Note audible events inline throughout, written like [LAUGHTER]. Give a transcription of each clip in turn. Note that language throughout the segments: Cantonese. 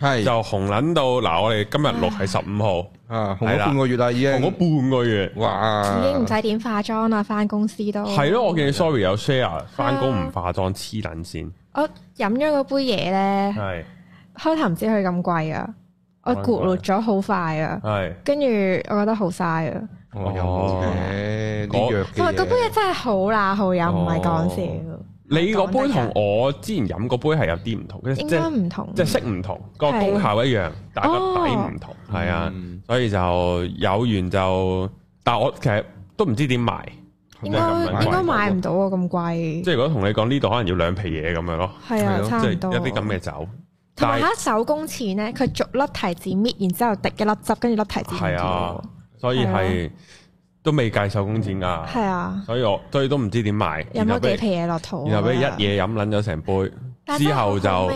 係就紅捻到嗱，我哋今日錄係十五號啊，紅咗半個月啦，已經紅咗半個月，哇！已經唔使點化妝啦，翻公司都係咯。我見 sorry 有 share 翻工唔化妝黐捻先。我飲咗嗰杯嘢咧，係開頭唔知佢咁貴啊，我咕嚕咗好快啊，係跟住我覺得好嘥啊，哦，我同埋嗰杯嘢真係好難好飲，唔係講笑。你個杯同我之前飲個杯係有啲唔同，應該唔同，即色唔同，個功效一樣，但個底唔同，係啊，所以就有緣就，但係我其實都唔知點買，應該應該買唔到啊，咁貴。即如果同你講呢度可能要兩皮嘢咁樣咯，係啊，差唔多，即一啲咁嘅酒。同埋喺手工前咧，佢逐粒提子搣，然之後滴一粒汁，跟住粒提子，係啊，所以係。都未計手工錢噶，係啊，所以我所以都唔知點買，飲咗幾皮嘢落肚，然後俾一嘢飲捻咗成杯，之後就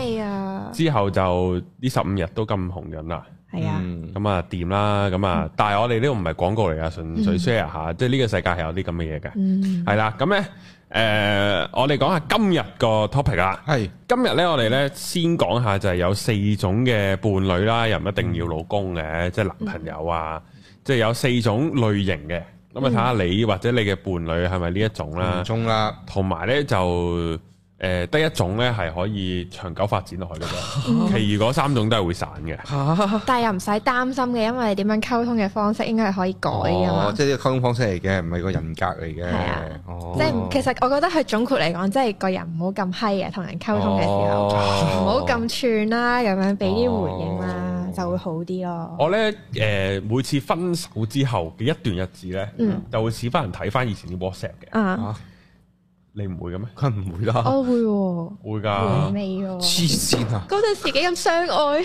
之後就呢十五日都咁紅潤啦，係啊，咁啊掂啦，咁啊，但係我哋呢個唔係廣告嚟啊，純粹 share 下，即係呢個世界係有啲咁嘅嘢嘅，係啦，咁咧，誒，我哋講下今日個 topic 啦，係今日咧，我哋咧先講下就係有四種嘅伴侶啦，又唔一定要老公嘅，即係男朋友啊，即係有四種類型嘅。咁啊，睇下、嗯、你或者你嘅伴侶係咪呢一種啦，啦、嗯，同埋咧就誒得、呃、一種咧係可以長久發展落去嘅，啊、其餘嗰三種都係會散嘅。啊啊、但係又唔使擔心嘅，因為點樣溝通嘅方式應該係可以改噶嘛。哦，即係呢個溝通方式嚟嘅，唔係個人格嚟嘅。係啊，哦、即係其實我覺得佢總括嚟講，即、就、係、是、個人唔好咁閪嘅，同人溝通嘅時候唔好咁串啦，咁樣畀啲回應啊啦。就會好啲咯。我咧，誒每次分手之後嘅一段日子咧，嗯、就會似翻人睇翻以前啲 WhatsApp 嘅。啊，你唔會嘅咩？梗唔會啦。我會喎。會㗎。回味喎。黐線啊！嗰陣時幾咁相愛，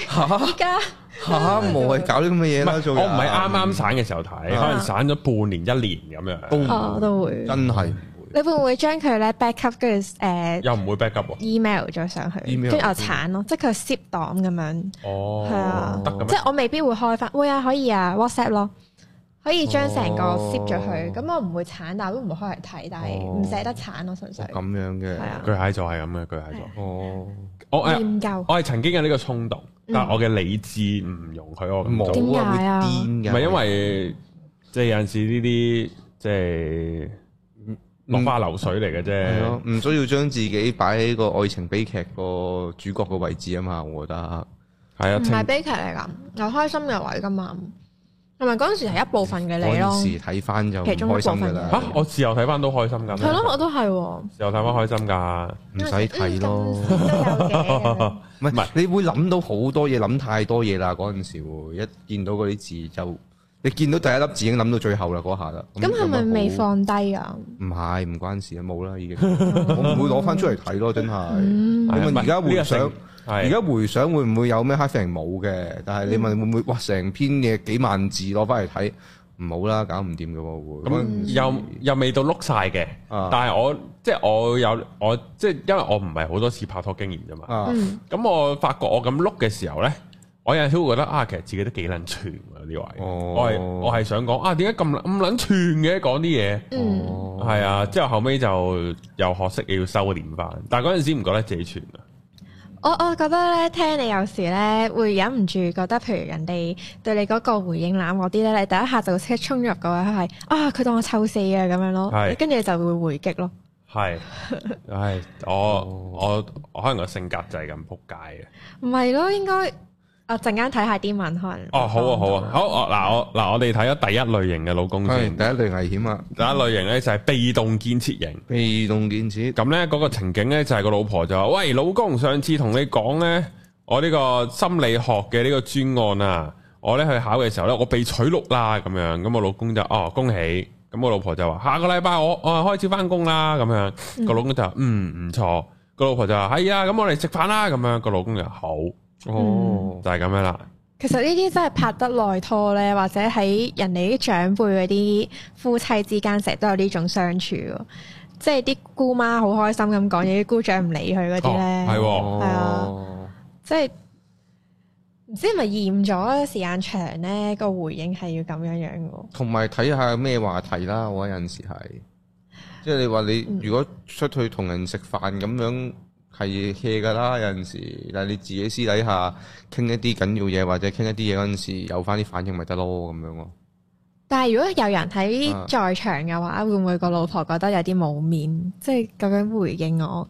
依家嚇冇去搞啲咁嘅嘢啦。我唔係啱啱散嘅時候睇，可能散咗半年一年咁樣啊、嗯。啊，都會真係。你會唔會將佢咧 backup 跟住誒？又唔會 backup 喎。email 咗上去，跟住又鏟咯，即係佢 save 檔咁樣。哦，係啊，得嘅。即係我未必會開翻，會啊，可以啊，WhatsApp 咯，可以將成個 save 咗佢。咁我唔會鏟，但係都唔會開嚟睇，但係唔捨得鏟咯，純粹。咁樣嘅，巨蟹座係咁嘅巨蟹座。哦，我誒，我係曾經有呢個衝動，但係我嘅理智唔容許我冇點解啊？唔係因為即係有陣時呢啲即係。落花流水嚟嘅啫，唔 [LAUGHS] 需要將自己擺喺個愛情悲劇個主角嘅位置啊嘛，我覺得係啊，唔係悲劇嚟噶，有開心嘅位噶嘛，同埋嗰陣時係一部分嘅你咯。嗰陣時睇翻就開心嘅啦。吓、啊，我自由睇翻都開心噶。係咯，我都係。自由睇翻開心噶，唔使睇咯。唔係唔係，你會諗到好多嘢，諗太多嘢啦。嗰陣時一見到嗰啲字就。你見到第一粒字已經諗到最後啦，嗰下啦。咁係咪未放低啊？唔係，唔關事啊，冇啦，已經。我唔會攞翻出嚟睇咯，真係。你問而家回想，而家回想會唔會有咩黑屏冇嘅？但係你問會唔會？哇，成篇嘢幾萬字攞翻嚟睇，唔好啦，搞唔掂嘅喎。咁又又未到碌晒嘅，但係我即係我有我即係因為我唔係好多次拍拖經驗啫嘛。咁我發覺我咁碌嘅時候咧。我有時會覺得啊，其實自己都幾撚串嘅呢位。我係我係想講啊，點解咁咁撚串嘅講啲嘢？嗯，係啊，之後後尾就又學識要收斂翻。但係嗰陣時唔覺得自己串啊。我我覺得咧，聽你有時咧會忍唔住覺得，譬如人哋對你嗰個回應欄嗰啲咧，你第一下就即刻衝入嘅話係啊，佢當我臭死啊咁樣咯。跟住是就會回擊咯。係，係我 [LAUGHS] 我我，我可能個性格就係咁扑街嘅。唔係咯，應該。我陣間睇下啲文刊。哦，好啊，好啊，好哦。嗱、啊，我嗱、啊，我哋睇咗第一類型嘅老公先。第一類危險啊！第一類型咧就係、是、被動建設型。被動建設。咁咧嗰個情景咧就係、是、個老婆就話，喂，老公，上次同你講咧，我呢個心理學嘅呢個專案啊，我咧去考嘅時候咧，我被取錄啦，咁樣。咁我老公就哦，恭喜。咁我老婆就話：下個禮拜我我開始翻工、嗯哎、啦。咁樣個老公就話，嗯，唔錯。個老婆就話：係啊，咁我嚟食飯啦。咁樣個老公就好。哦，嗯、就係咁樣啦。其實呢啲真係拍得耐拖咧，或者喺人哋啲長輩嗰啲夫妻之間成日都有呢種相處，即係啲姑媽好開心咁講嘢，啲姑丈唔理佢嗰啲咧，係係、哦哦、啊，即係唔知係咪厭咗時間長咧，個回應係要咁樣樣嘅。同埋睇下咩話題啦，我有陣時係，即係你話你如果出去同人食飯咁樣。係 hea 㗎啦，有陣時，但係你自己私底下傾一啲緊要嘢，或者傾一啲嘢嗰陣時，有返啲反應咪得咯咁樣。但係如果有人喺在，在場嘅話， [MUSIC] 會唔會個老婆覺得有啲冇面，即係咁樣回應我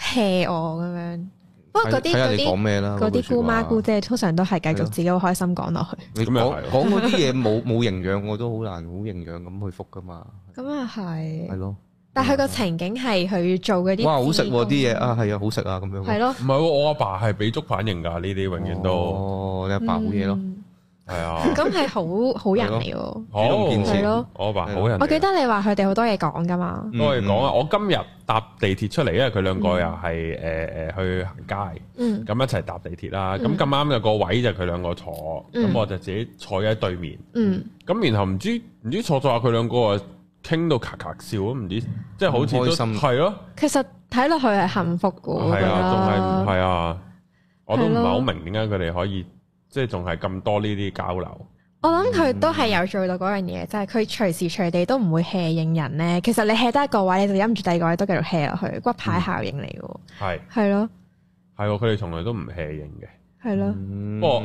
hea 我咁樣？的不過嗰啲嗰啲姑媽姑姐話通常都係繼續自己好開心講落去的。你咁又係講嗰啲嘢冇冇營養，我都好難好營養咁去覆㗎嘛。咁啊係。係咯。但係佢個情景係去做嗰啲哇，好食啲嘢啊，係啊，好食啊，咁樣係咯，唔係我阿爸係俾足反應噶呢啲，永遠都你阿爸好嘢咯，係啊，咁係好好人嚟，主動建設咯，我阿爸好人。我記得你話佢哋好多嘢講噶嘛，多嘢講啊！我今日搭地鐵出嚟，因為佢兩個又係誒誒去行街，咁一齊搭地鐵啦。咁咁啱有個位就佢兩個坐，咁我就自己坐喺對面。咁然後唔知唔知坐坐下佢兩個。傾到咔咔笑都唔知，即係好似都係咯。其實睇落去係幸福嘅。係啊，仲係係啊，我都唔係好明點解佢哋可以即係仲係咁多呢啲交流。我諗佢都係有做到嗰樣嘢，就係佢隨時隨地都唔會 hea 應人咧。其實你 hea 得一個位，你就忍唔住第二個位都繼續 hea 落去，骨牌效應嚟嘅。係係咯，係喎，佢哋從來都唔 hea 應嘅。係咯是、嗯哦，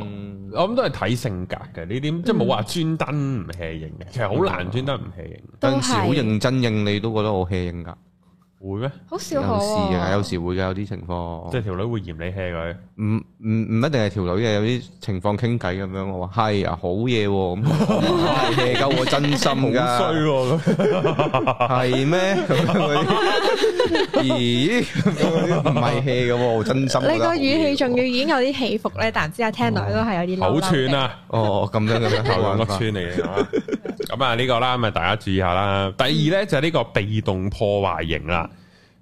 我諗都係睇性格嘅呢啲，嗯、即係冇話專登唔 hea 型嘅，嗯、其實好難專登唔 hea 型，當時好認真應你，都覺得好 hea 型噶。會咩？好少，有時啊，有時會嘅，有啲情況。即係條女會嫌你 hea 佢。唔唔，唔一定係條女嘅，有啲情況傾偈咁樣我話係啊，好嘢喎，hea 夠我真心㗎。衰喎咁，係咩？咦，唔係 hea 咁喎，真心。你個語氣仲要已經有啲起伏咧，但之後聽落都係有啲、哦、好串啊！哦，咁樣咁樣，我衰你啊！ [LAUGHS] [LAUGHS] 咁啊，呢個啦，咪大家注意下啦。第二咧就係呢個被動破壞型啦。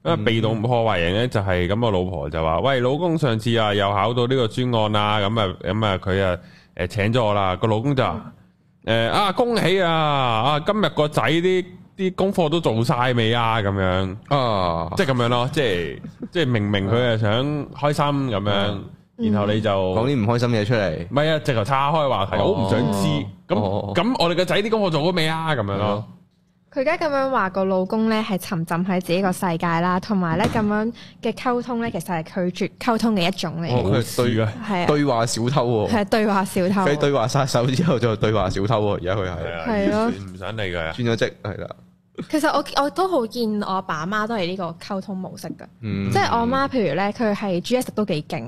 咁啊、嗯，被動破壞型咧就係咁，個老婆就話：喂，老公上次啊，又考到呢個專案啊，咁啊，咁啊，佢啊，誒，請咗我啦。個老公就誒啊，恭喜啊！啊，今日個仔啲啲功課都做晒未啊？咁樣啊，即係咁樣咯， [LAUGHS] 即係即係明明佢係想開心咁樣。嗯嗯然後你就講啲唔開心嘢出嚟，唔係啊，直頭岔開話題，我好唔想知。咁咁，我哋個仔啲功課做咗未啊？咁樣咯。佢而家咁樣話個老公咧係沉浸喺自己個世界啦，同埋咧咁樣嘅溝通咧，其實係拒絕溝通嘅一種嚟。哦，對嘅，係啊，對話小偷喎。係對話小偷。佢對話殺手之後，就對話小偷。而家佢係係咯，唔想嚟嘅，轉咗職係啦。 [LAUGHS] 其實我我都好見我阿爸阿媽都係呢個溝通模式噶嗯、即係我阿媽、嗯呃，譬如咧，佢係煮嘢食都幾勁，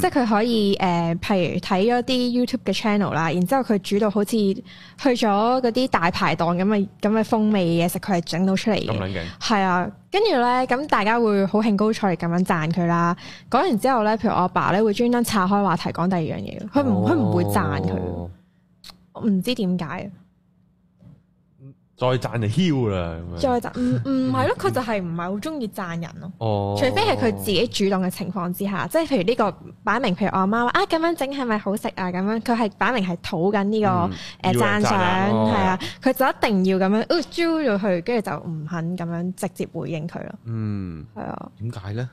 即係佢可以誒，譬如睇咗啲 YouTube 嘅 channel 啦，然之後佢煮到好似去咗嗰啲大排檔咁嘅咁嘅風味嘢食，佢係整到出嚟嘅，咁樣勁，係啊，跟住咧咁大家會好興高采烈咁樣讚佢啦。講完之後咧，譬如我阿爸咧會專登岔開話題講第二樣嘢，佢唔佢唔會讚佢，哦、我唔知點解。再讚就囂啦！再讚唔唔係咯，佢就係唔係好中意讚人咯。除非係佢自己主動嘅情況之下，即係譬如呢個擺明，譬如我阿媽話，啊咁樣整係咪好食啊？咁樣，佢係擺明係討緊呢個誒讚賞，係啊，佢就一定要咁樣招咗佢，跟住就唔肯咁樣直接回應佢咯。嗯，係啊。點解咧？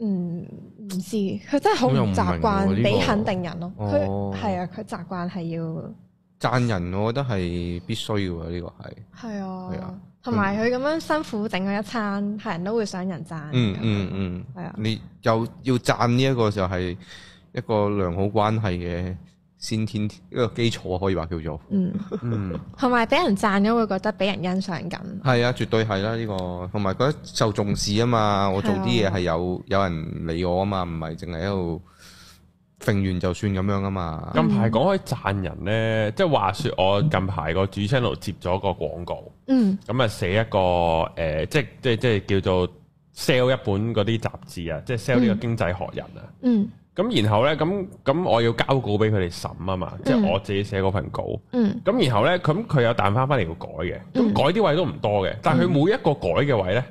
嗯，唔知佢真係好唔習慣俾肯定人咯。佢係啊，佢習慣係要。讚人，我覺得係必須嘅喎，呢個係。係啊。係啊。同埋佢咁樣辛苦整咗一餐，係人都會想人贊、嗯。嗯嗯嗯。係啊。你又要贊呢一個就係一個良好關係嘅先天，天一個基礎可以話叫做。嗯。 [LAUGHS] 嗯。同埋俾人贊咗會覺得俾人欣賞緊。係啊，絕對係啦、啊，呢個同埋覺得受重視啊嘛，我做啲嘢係有、啊、有人理我啊嘛，唔係淨係喺度。剩完就算咁樣啊嘛！近排講開讚人咧，即係話說我近排個主 channel 接咗個廣告，嗯，咁啊寫一個誒、呃，即係即係即係叫做 sell 一本嗰啲雜誌啊，即係 sell 呢個經濟學人啊，嗯，咁然後咧，咁咁我要交稿俾佢哋審啊嘛，嗯、即係我自己寫嗰份稿，嗯，咁然後咧，咁佢有彈翻翻嚟要改嘅，咁、嗯、改啲位都唔多嘅，但係佢每一個改嘅位咧。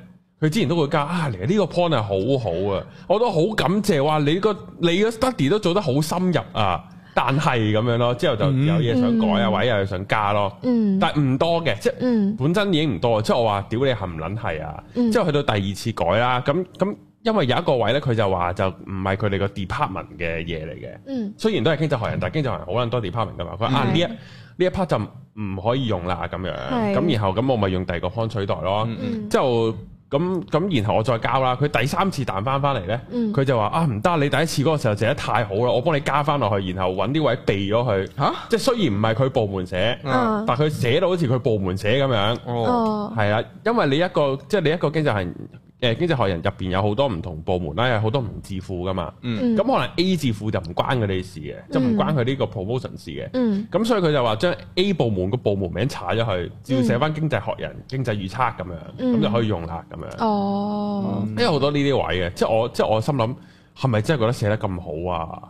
佢之前都會加，嚟呢個 point 係好好啊。我都好感謝。話你個你個 study 都做得好深入啊，但係咁樣咯，之後就有嘢想改啊，位又想加咯，但係唔多嘅，即係本身已經唔多。即係我話屌你含撚係啊！之後去到第二次改啦，咁咁，因為有一個位咧，佢就話就唔係佢哋個 department 嘅嘢嚟嘅。嗯，雖然都係經濟學人，但係經濟學人好撚多 department 㗎嘛。佢話啊呢一呢一 part 就唔可以用啦咁樣，咁然後咁我咪用第二個 point 取代咯，就。咁咁，然後我再交啦。佢第三次彈翻翻嚟呢，佢、嗯、就話：啊，唔得！你第一次嗰個時候寫得太好啦，我幫你加翻落去，然後揾啲位避咗佢。嚇蛤！即係雖然唔係佢部門寫，啊、但佢寫到好似佢部門寫咁樣。哦，係啦，因為你一個即係你一個經濟人。誒經濟學人入邊有好多唔同部門啦，有好多唔同字庫噶嘛，咁、嗯嗯、可能 A 字庫就唔關佢哋事嘅，嗯、就唔關佢呢個 promotion 事嘅，咁、嗯、所以佢就話將 A 部門個部門名插咗去，照寫翻經濟學人經濟預測咁樣，咁、嗯、就可以用啦咁樣。哦、嗯嗯，因為好多呢啲位嘅，即、就、係、是、我即係、就是、我心諗係咪真係覺得寫得咁好啊？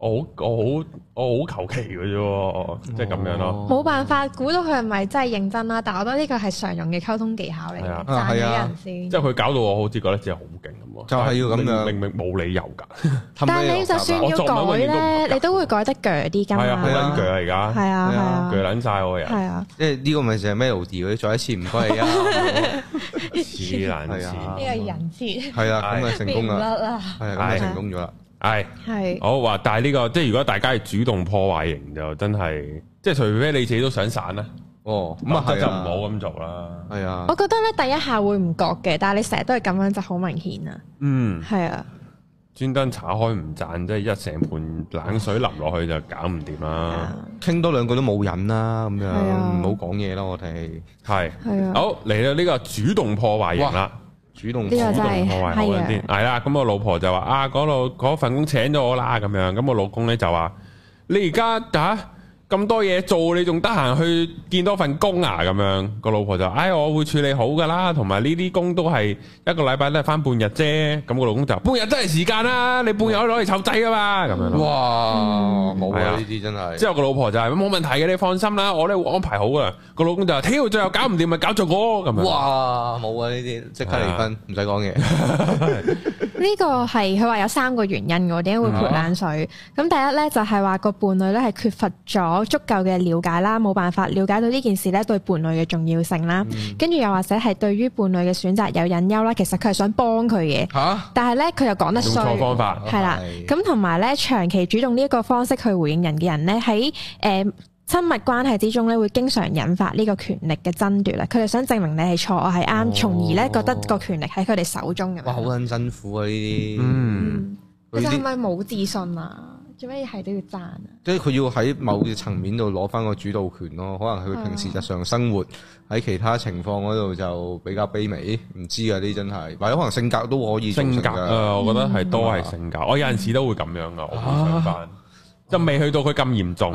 我好我好我好求其嘅啫喎，即係咁樣咯。冇辦法估到佢係咪真係認真啦？但係我得呢個係常用嘅溝通技巧嚟嘅，讚許人先。即係佢搞到我好似覺得自己好勁咁啊！就係要咁樣，明明冇理由㗎。但係你就算要改咧，你都會改得鋸啲㗎嘛？係啊，好揀鋸啊！而家係啊係啊，鋸撚曬我人係啊！即係呢個咪就係 m e l 啲，再一次唔該你啊！是難事，呢個人設係啊，咁咪成功啦！係咁咪成功咗啦～係，係是，好話，但係呢、這個即係如果大家係主動破壞型就真係，即係除非你自己都想散啦，哦，咁、嗯、啊就唔好咁做啦，係啊。啊我覺得咧第一下會唔覺嘅，但係你成日都係咁樣就好明顯啊。嗯，係啊。專登查開唔讚，即係一成盤冷水淋落去就搞唔掂啦。傾、啊、多兩句都冇癮啦，咁樣唔好講嘢啦，我哋係，係是，啊、好嚟到呢個主動破壞型啦。主動主動我話嗰啲，係啦的，咁我老婆就話啊，嗰度嗰份工請咗我啦，咁、啊、樣，咁我老公咧就話，你而家打，啊」咁多嘢做，你仲得閒去見多份工啊？咁樣個老婆就：，哎，我會處理好噶啦，同埋呢啲工都係一個禮拜都係翻半日啫。咁個老公就：，半日都係時間啦，你半日攞嚟湊仔噶嘛？咁樣。哇，冇啊呢啲真係。之後個老婆就：，係冇問題嘅，你放心啦，我咧會安排好噶。個老公就：，跳，最後搞唔掂咪搞咗我。咁樣。哇，冇啊呢啲，即刻離婚，唔使講嘢。呢個係佢話有三個原因，我點解會潑冷水？咁、嗯啊、第一咧就係話個伴侶咧係缺乏咗。有足夠嘅了解啦，冇辦法了解到呢件事咧對伴侶嘅重要性啦，跟住、嗯、又或者係對於伴侶嘅選擇有隱憂啦。其實佢係想幫佢嘅，啊、但係咧佢又講得衰，係啦。咁同埋咧，的長期主動呢一個方式去回應人嘅人咧，喺誒親密關係之中咧，會經常引發呢個權力嘅爭奪啦。佢哋想證明你係錯，我係啱，從、哦、而咧覺得個權力喺佢哋手中。哦、哇，好捻辛苦啊！呢啲些，嗯，其實係咪冇自信啊？做咩？嘢係都要讚啊？即係佢要喺某嘅層面度攞翻個主導權咯。可能佢平時日常生活喺其他情況嗰度就比較卑微，唔知啊啲真係或者可能性格都可以性格啊！我覺得係都係性格。我有陣時都會咁樣噶，想班就未去到佢咁嚴重，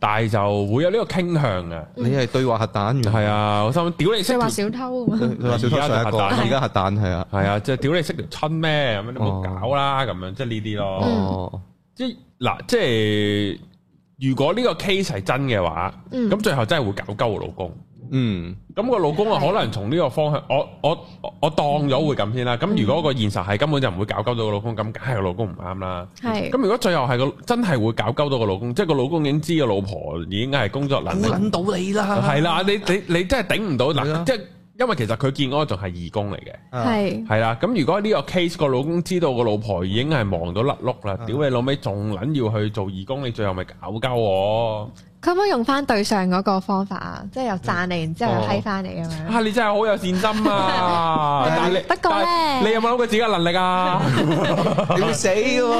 但係就會有呢個傾向嘅。你係對話核彈，係啊，我想屌你識話小偷咁。而家就核彈，而家核彈係啊，係啊，即係屌你識條咩咁？你冇搞啦咁樣，即係呢啲咯。即係嗱，即係如果呢個 case 係真嘅話，咁、嗯、最後真係會搞鳩、嗯、個老公。嗯，咁個老公啊，可能從呢個方向，是的 我我我當咗會咁先啦。咁如果個現實係根本就唔會搞鳩到個老公，咁梗係個老公唔啱啦。係是的、嗯。咁如果最後係個真係會搞鳩到個老公，即係個老公已經知個老婆已經係工作能力冇捻到你啦。係啦，你你你真係頂唔到嗱，即係。因為其實佢見嗰個仲係義工嚟嘅，係係啦。咁如果呢個 case 個老公知道個老婆已經係忙到甩碌啦，屌你老味，仲捻要去做義工，你最後咪搞鳩我。可唔可以用翻對上嗰個方法啊？即係又讚你，然之後又批翻你咁樣。啊！你真係好有善心啊！但係不過咧，你有冇諗過自己嘅能力啊？你會死嘅喎！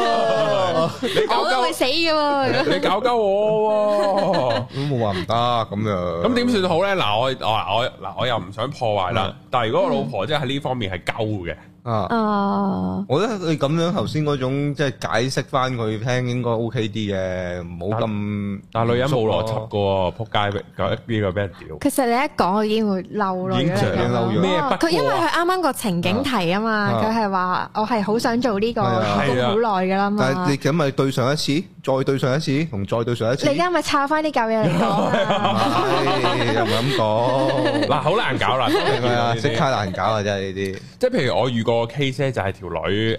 你搞鳩會死嘅喎！你搞鳩我喎，都冇話唔得。咁就咁點算好咧？嗱，我我嗱，我又唔想破壞啦。但係如果我老婆即係喺呢方面係鳩嘅。啊！啊我覺得你咁樣頭先嗰種即係解釋翻佢聽應該 OK 啲嘅，唔好咁但係女人冇邏輯㗎喎，撲街俾搞一邊個俾人屌。其實你一講佢已經會嬲囉，咩不佢因為佢啱啱個情景題啊嘛，佢係話我係好想做呢、呢個工作好耐㗎啦嘛。但係你咁咪對上一次？再對上一次，同再對上一次。你而家咪抄翻啲舊嘢嚟講，唔敢講。嗱，好難搞啦，係咪啊？即刻太難搞啦，真係呢啲。即係譬如我遇過個 case 就係條女誒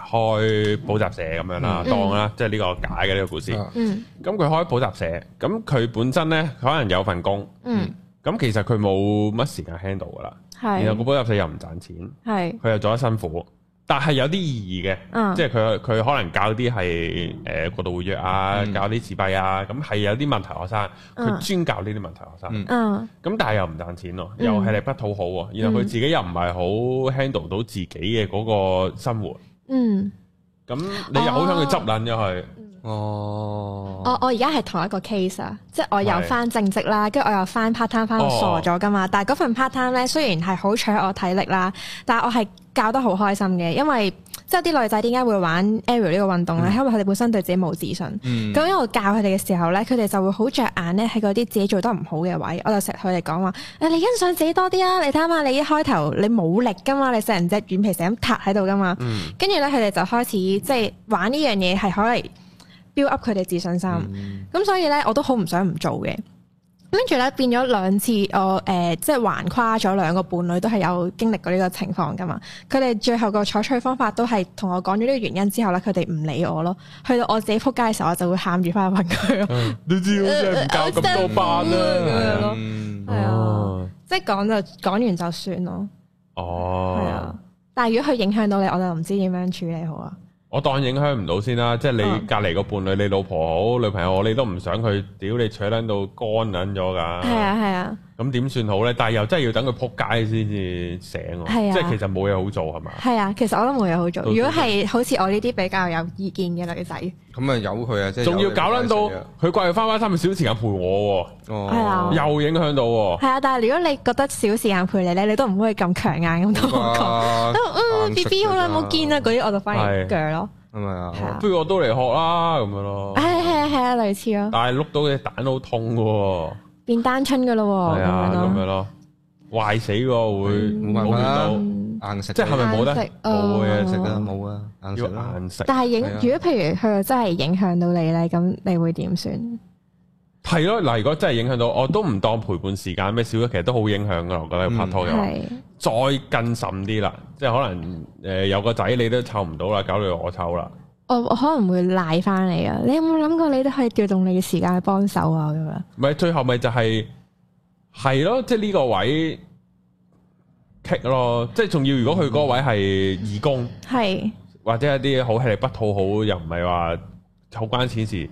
開補習社咁樣啦，當啦，即係呢個假嘅呢個故事。嗯。咁佢開補習社，咁佢本身咧可能有份工。嗯。咁其實佢冇乜時間 handle 㗎啦。係。然後個補習社又唔賺錢。係。佢又做得辛苦。但係有啲意義嘅，啊、即係佢佢可能教啲係誒過度活躍啊，教啲、嗯、自閉啊，咁係有啲問題學生，佢、啊、專教呢啲問題學生。嗯，咁但係又唔賺錢咯、啊，嗯、又係力不討好喎、啊，然後佢自己又唔係好 handle 到自己嘅嗰個生活。嗯，咁你又好想佢執撚咗佢。啊啊哦、oh，我我而家係同一個 case 啊，即係我又翻正職啦，跟住是我又翻 part time 翻傻咗噶嘛。Oh. 但係嗰份 part time 咧，雖然係好 chur 我體力啦，但係我係教得好開心嘅，因為即係啲女仔點解會玩 aerial 呢個運動咧？Mm. 因為佢哋本身對自己冇自信，咁、mm. 我教佢哋嘅時候咧，佢哋就會好着眼咧喺嗰啲自己做得唔好嘅位。我就成日同佢哋講話，誒，你欣賞自己多啲啊！你睇下你一開頭你冇力噶嘛，你成隻軟皮成咁塌喺度噶嘛。跟住咧，佢哋就開始即係玩呢樣嘢係可以 build up 佢哋自信心，咁、嗯、所以咧，我都好唔想唔做嘅。跟住咧，變咗兩次，我誒、呃，即係橫跨咗兩個伴侶，都係有經歷過呢個情況噶嘛。佢哋最後個採取方法都係同我講咗呢個原因之後咧，佢哋唔理我咯。去到我自己仆街嘅時候，我就會喊住翻去問佢。你知好似唔教咁多班啦，咁樣咯，係啊，嗯嗯、啊即係講就講完就算咯。哦，係啊，但係如果佢影響到你，我就唔知點樣處理好啊。我當影響唔到先啦，即係你隔離個伴侶，你老婆好，女朋友好，你都唔想佢屌你，坐撚到乾撚咗㗎。係啊，係啊。係啊。咁點算好咧？但係又真係要等佢撲街先至醒喎，即係其實冇嘢好做係嘛？係啊，其實我都冇嘢好做。如果係好似我呢啲比較有意見嘅女仔，咁啊由佢啊，即係仲要搞撚到佢掛住翻翻，三個小時間陪我喎。係啊，又影響到。係啊，但係如果你覺得少時間陪你咧，你都唔可以咁強硬咁同我講。嗯，B B 好耐冇見啊！嗰啲我就反而鋸咯。係啊，不如我都嚟學啦咁樣咯。係啊，係啊，類似咯。但係碌到嘅蛋好痛喎。變單親噶咯，係啊，咁樣咯，壞死喎會冇見到硬食，即係咪冇得食？冇嘢食噶，冇啊，要硬食。但係影如果譬如佢真係影響到你咧，咁你會點算？係咯，嗱，如果真係影響到，我都唔當陪伴時間咩少咗，其實都好影響噶。我覺得拍拖又係再更甚啲啦，即係可能誒有個仔你都湊唔到啦，搞到我湊啦。我可能會賴翻你啊！你有冇諗過你都可以調動你嘅時間去幫手啊咁樣？咪最後咪就係。係咯，即係呢個位 kick 咯，即係仲要。如果佢嗰位係義工，係、嗯、或者一啲好吃力不討好，又唔係話好關錢事，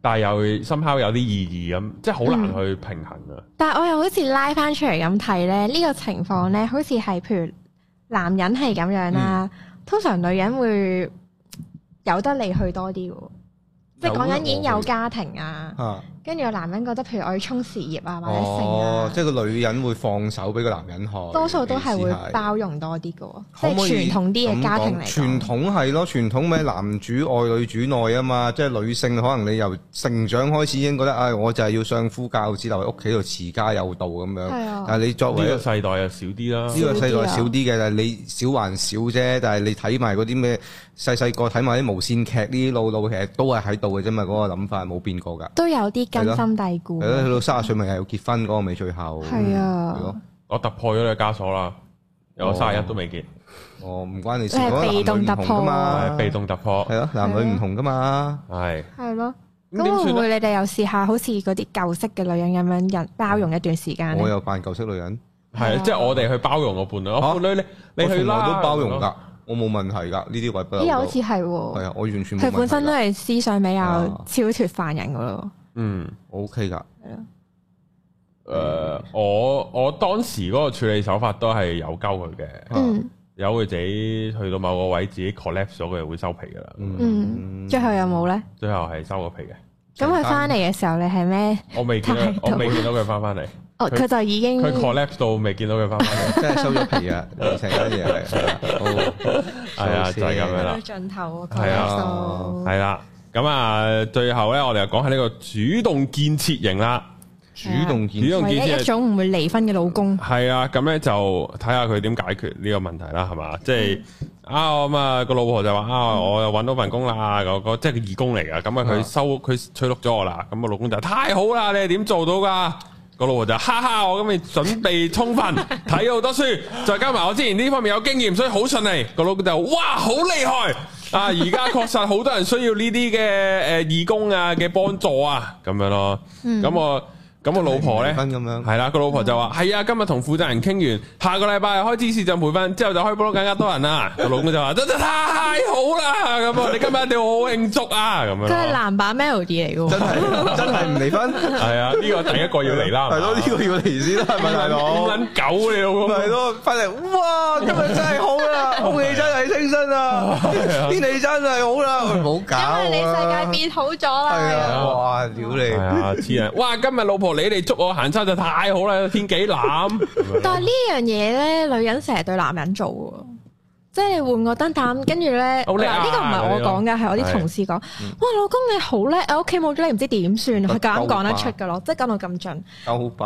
但係又 somehow 有啲意義咁，即係好難去平衡啊、嗯。但係我又好似拉翻出嚟咁睇咧，呢、這個情況咧，好似係譬如男人係咁樣啦，嗯、通常女人會。有得你去多啲喎，即係講緊已經有家庭啊。啊跟住個男人覺得，譬如我要衝事業啊，哦、或者成啊，即係個女人會放手俾個男人去。多數都係會包容多啲嘅，可可即係傳統啲嘅家庭嚟。傳統係咯，傳統咩？男主外女主內啊嘛，即係女性可能你由成長開始已經覺得，唉、哎，我就係要相夫教子，留喺屋企度持家有道咁樣。哦、但係你作為呢個世代又少啲啦。呢個世代少啲嘅，但係你少還少啫。但係你睇埋嗰啲咩細細個睇埋啲無線劇，呢啲老老劇都係喺度嘅啫嘛。嗰、那個諗法係冇變過㗎。都有啲。根深蒂固，係咯，到卅歲咪係要結婚嗰個咪最後係啊！我突破咗你枷鎖啦，有我卅一都未結，哦，唔關你事。被動突破嘛，被動突破係咯，男女唔同噶嘛，係係咯。咁會唔會你哋又試下好似嗰啲舊式嘅女人咁樣，包容一段時間？我又扮舊式女人，係啊，即係我哋去包容個伴侶，個伴侶你我從來都包容噶，我冇問題噶。呢啲位不，又好似係，係啊！我完全佢本身都係思想比較超脫凡人噶咯。嗯，O K 噶，係啊，誒，我我當時嗰個處理手法都係有鳩佢嘅，有佢自己去到某個位自己 collapse 咗，佢會收皮噶啦。嗯，最後有冇咧？最後係收咗皮嘅。咁佢翻嚟嘅時候，你係咩？我未見，我未見到佢翻翻嚟。哦，佢就已經 collapse 到未見到佢翻翻嚟，即係收咗皮啊，成家嘢係，係啊，就係咁樣啦。盡頭啊，佢就係啦。咁啊，最後咧，我哋又講下呢個主動建設型啦。主動，主動建設，啊、一種唔會離婚嘅老公。係啊，咁咧就睇下佢點解決呢個問題啦，係嘛？即係啊咁啊，我那個老婆就話啊，我又揾到份工啦，嗯那個個即係義工嚟噶。咁啊，佢收佢取錄咗我啦。咁個老公就太好啦，你係點做到噶？個老婆就，那個、老婆就哈哈，我今次準備充分，睇好 [LAUGHS] 多書，再加埋我之前呢方面有經驗，所以好順利。那個老公就哇，好厲害。 [LAUGHS] 啊！而家確實好多人需要呢啲嘅呃義工啊嘅幫助啊，咁樣咯。嗯。咁我。咁我老婆咧，係啦，個老婆就話係啊，今日同負責人傾完，下個禮拜開始培訓，之後就開波咯，更加多人啦。個老公就話，真真太好啦，咁你今日你要好好慶祝啊，咁樣。佢係男版 Melody 嚟噶喎，真係真係唔離婚，係啊，呢個第一個要嚟啦，係咯，呢個要嚟先啦，係咪，大佬？點搵狗你老公？係咯，快嚟，哇，今日真係好啦，空氣真係清新啊，天氣真係好啦，唔好搞。因為你世界變好咗啦。哇，屌你！天，哇，今日老婆。你哋捉我行山就太好啦，天幾冷！但係呢樣嘢咧，女人成日對男人做，即係換個燈膽，跟住咧，呢個唔係我講嘅，係我啲同事講。哇，老公你好叻，我屋企冇咗你，唔知點算啊！咁講得出噶咯，即係講到咁盡。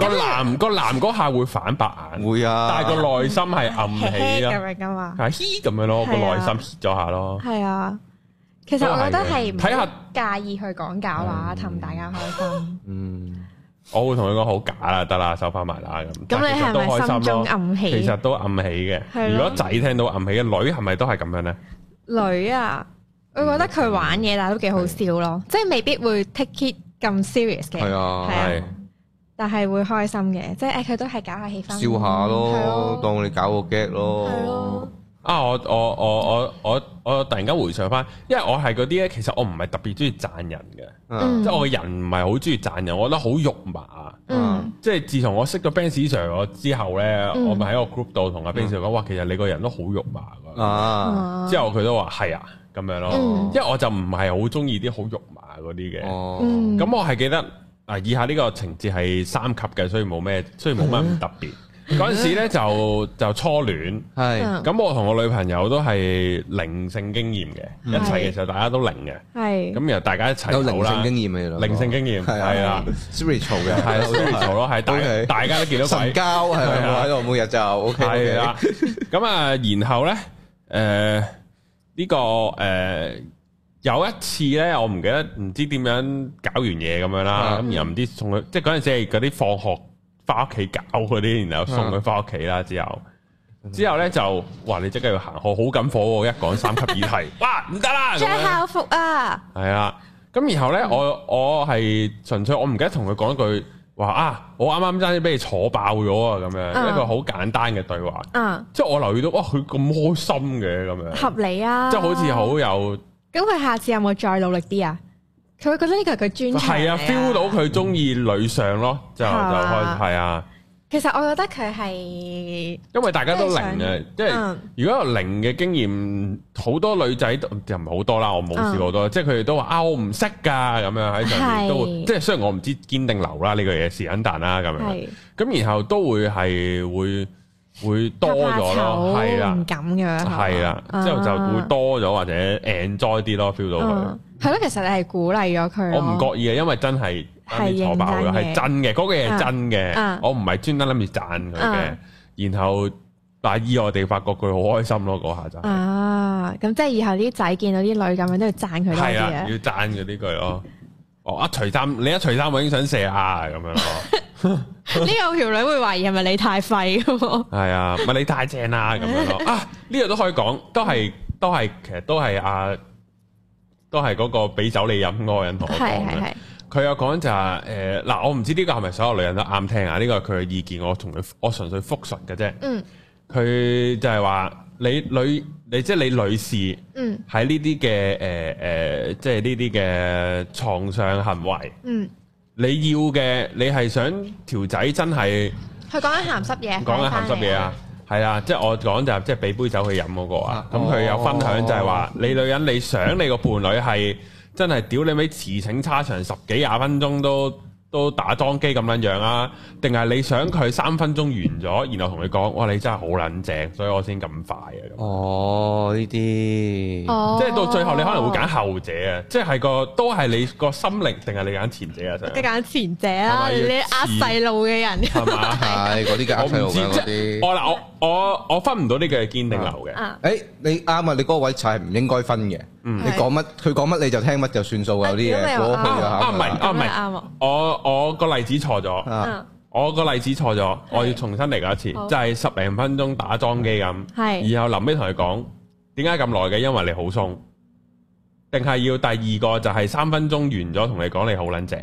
個男個男嗰下會反白眼，會啊，但係個內心係暗起啊，咁樣噶嘛，係 heat 咁樣咯，個內心 heat 咗下咯，係啊。其實我覺得係睇下介意去講教話，氹大家開心。嗯。我會同佢講好假啦，得啦，收翻埋啦咁。咁你係咪心中暗起？其實都暗起嘅。如果仔聽到暗起嘅，女係咪都係咁樣咧？女啊，我覺得佢玩嘢，但係都幾好笑咯，即係未必會 take it 咁 serious 嘅。係啊，係。但係會開心嘅，即係誒，佢都係搞下氣氛，笑下咯，當你搞個 get 咯。啊！我我我我我我突然間回想翻，因為我係嗰啲咧，其實我唔係特別中意讚人嘅，嗯、即係我個人唔係好中意讚人，我覺得好肉麻。嗯，即係自從我識咗 Ben Sir 我之後咧，嗯、我咪喺個 group 度同阿 Ben Sir 講話，嗯，其實你個人都好肉麻噶。啊，之後佢都話係啊，咁樣咯。嗯、因為我就唔係好中意啲好肉麻嗰啲嘅。哦、嗯，咁我係記得啊，以下呢個情節係三級嘅，所以冇咩，所以冇乜特別。嗯嗰陣時咧就就初戀，係咁我同我女朋友都係零性經驗嘅，一齊嘅時候大家都靈嘅，係咁然後大家一齊都靈性經驗咪咯，靈性經驗係啊 spiritual 嘅 spiritual 咯，係大大家都見到神交係啊，每日就 OK 啦。咁啊，然後咧誒呢個誒有一次咧，我唔記得唔知點樣搞完嘢咁樣啦，咁又唔知送佢，即係嗰陣時嗰啲放學。翻屋企搞佢啲，然後送佢翻屋企啦。之後，之後咧就話你即刻要行學，好緊火喎、哦！一講三級議題， [LAUGHS] 哇唔得啦！着校服啊！係啊，咁然後咧，我我係純粹我唔記得同佢講一句話啊，我啱啱爭啲俾你坐爆咗啊！咁樣、嗯、一個好簡單嘅對話，嗯，即係我留意到哇，佢咁開心嘅咁樣，合理啊，即係好似好有。咁佢、嗯、下次有冇再努力啲啊？佢會覺得呢個係佢專長，係啊，feel、啊、到佢中意女上咯，之、嗯、就開係啊。其實我覺得佢係因為大家都零啊，嗯、即係如果零嘅經驗，好多女仔就唔好多啦，我冇試過好多，嗯、即係佢哋都話啊，我唔識㗎咁樣喺上面都會，即係是雖然我唔知堅定流啦呢、呢個嘢、啊、是撚彈啦咁樣，咁然後都會係會。會多咗咯，係啦，唔敢嘅。係啦，之後就會多咗或者 enjoy 啲咯，feel 到佢係咯。其實你係鼓勵咗佢，我唔覺意嘅，因為真係啱啲挫爆嘅，係真嘅，嗰個係真嘅。我唔係專登諗住讚佢嘅，然後但係意外地發覺佢好開心咯，嗰下就啊，咁即係以後啲仔見到啲女咁樣都要讚佢呢啲要讚佢呢句咯。哦，一除衫，你一除衫我已經想射啊，咁樣咯。呢 [LAUGHS] 個條女會懷疑係咪你太廢？係 [LAUGHS] 啊，咪你太正啦咁樣咯。啊，呢、這個都可以講，都係都係，其實都係啊，都係嗰、那個俾酒你飲嗰個人同我講嘅。佢有講就係誒嗱，我唔知呢個係咪所有女人都啱聽啊？呢個係佢嘅意見，我同佢我純粹複述嘅啫。嗯，佢就係話你女你即係你女士，嗯，喺呢啲嘅誒誒，即係呢啲嘅床上行為，嗯。你要嘅，你係想條仔真係？佢講緊鹹濕嘢。講緊鹹濕嘢啊，係啊，即係我講就即係俾杯酒去飲嗰個啊。咁佢有分享就係話：哦、你女人你想你個伴侶係真係屌你咪遲情差長十幾廿分鐘都，都打裝機咁撚樣啊？定係你想佢三分鐘完咗，然後同你講：哇，你真係好撚正，所以我先咁快啊！哦，呢啲，即係到最後你可能會揀後者啊！哦、即係個都係你個心靈，定係你揀前者啊？就係你揀前者啊？是是你呃細路嘅人係嘛？係嗰啲嘅，我唔知哦。嗱，我我我分唔到呢個係堅定流嘅。誒的、哎，你啱啊！你嗰位踩係唔應該分嘅。你講乜佢講乜你就聽乜就算數。有啲嘢啊，唔係啊，唔係、啊，我我個例子錯咗，啊、我個例子錯咗，我要重新嚟過一次，是就係十零分鐘打樁機咁，是然後臨尾同佢講，點解咁耐嘅？因為你好鬆，定係要第二個就係三分鐘完咗同你講你好撚正？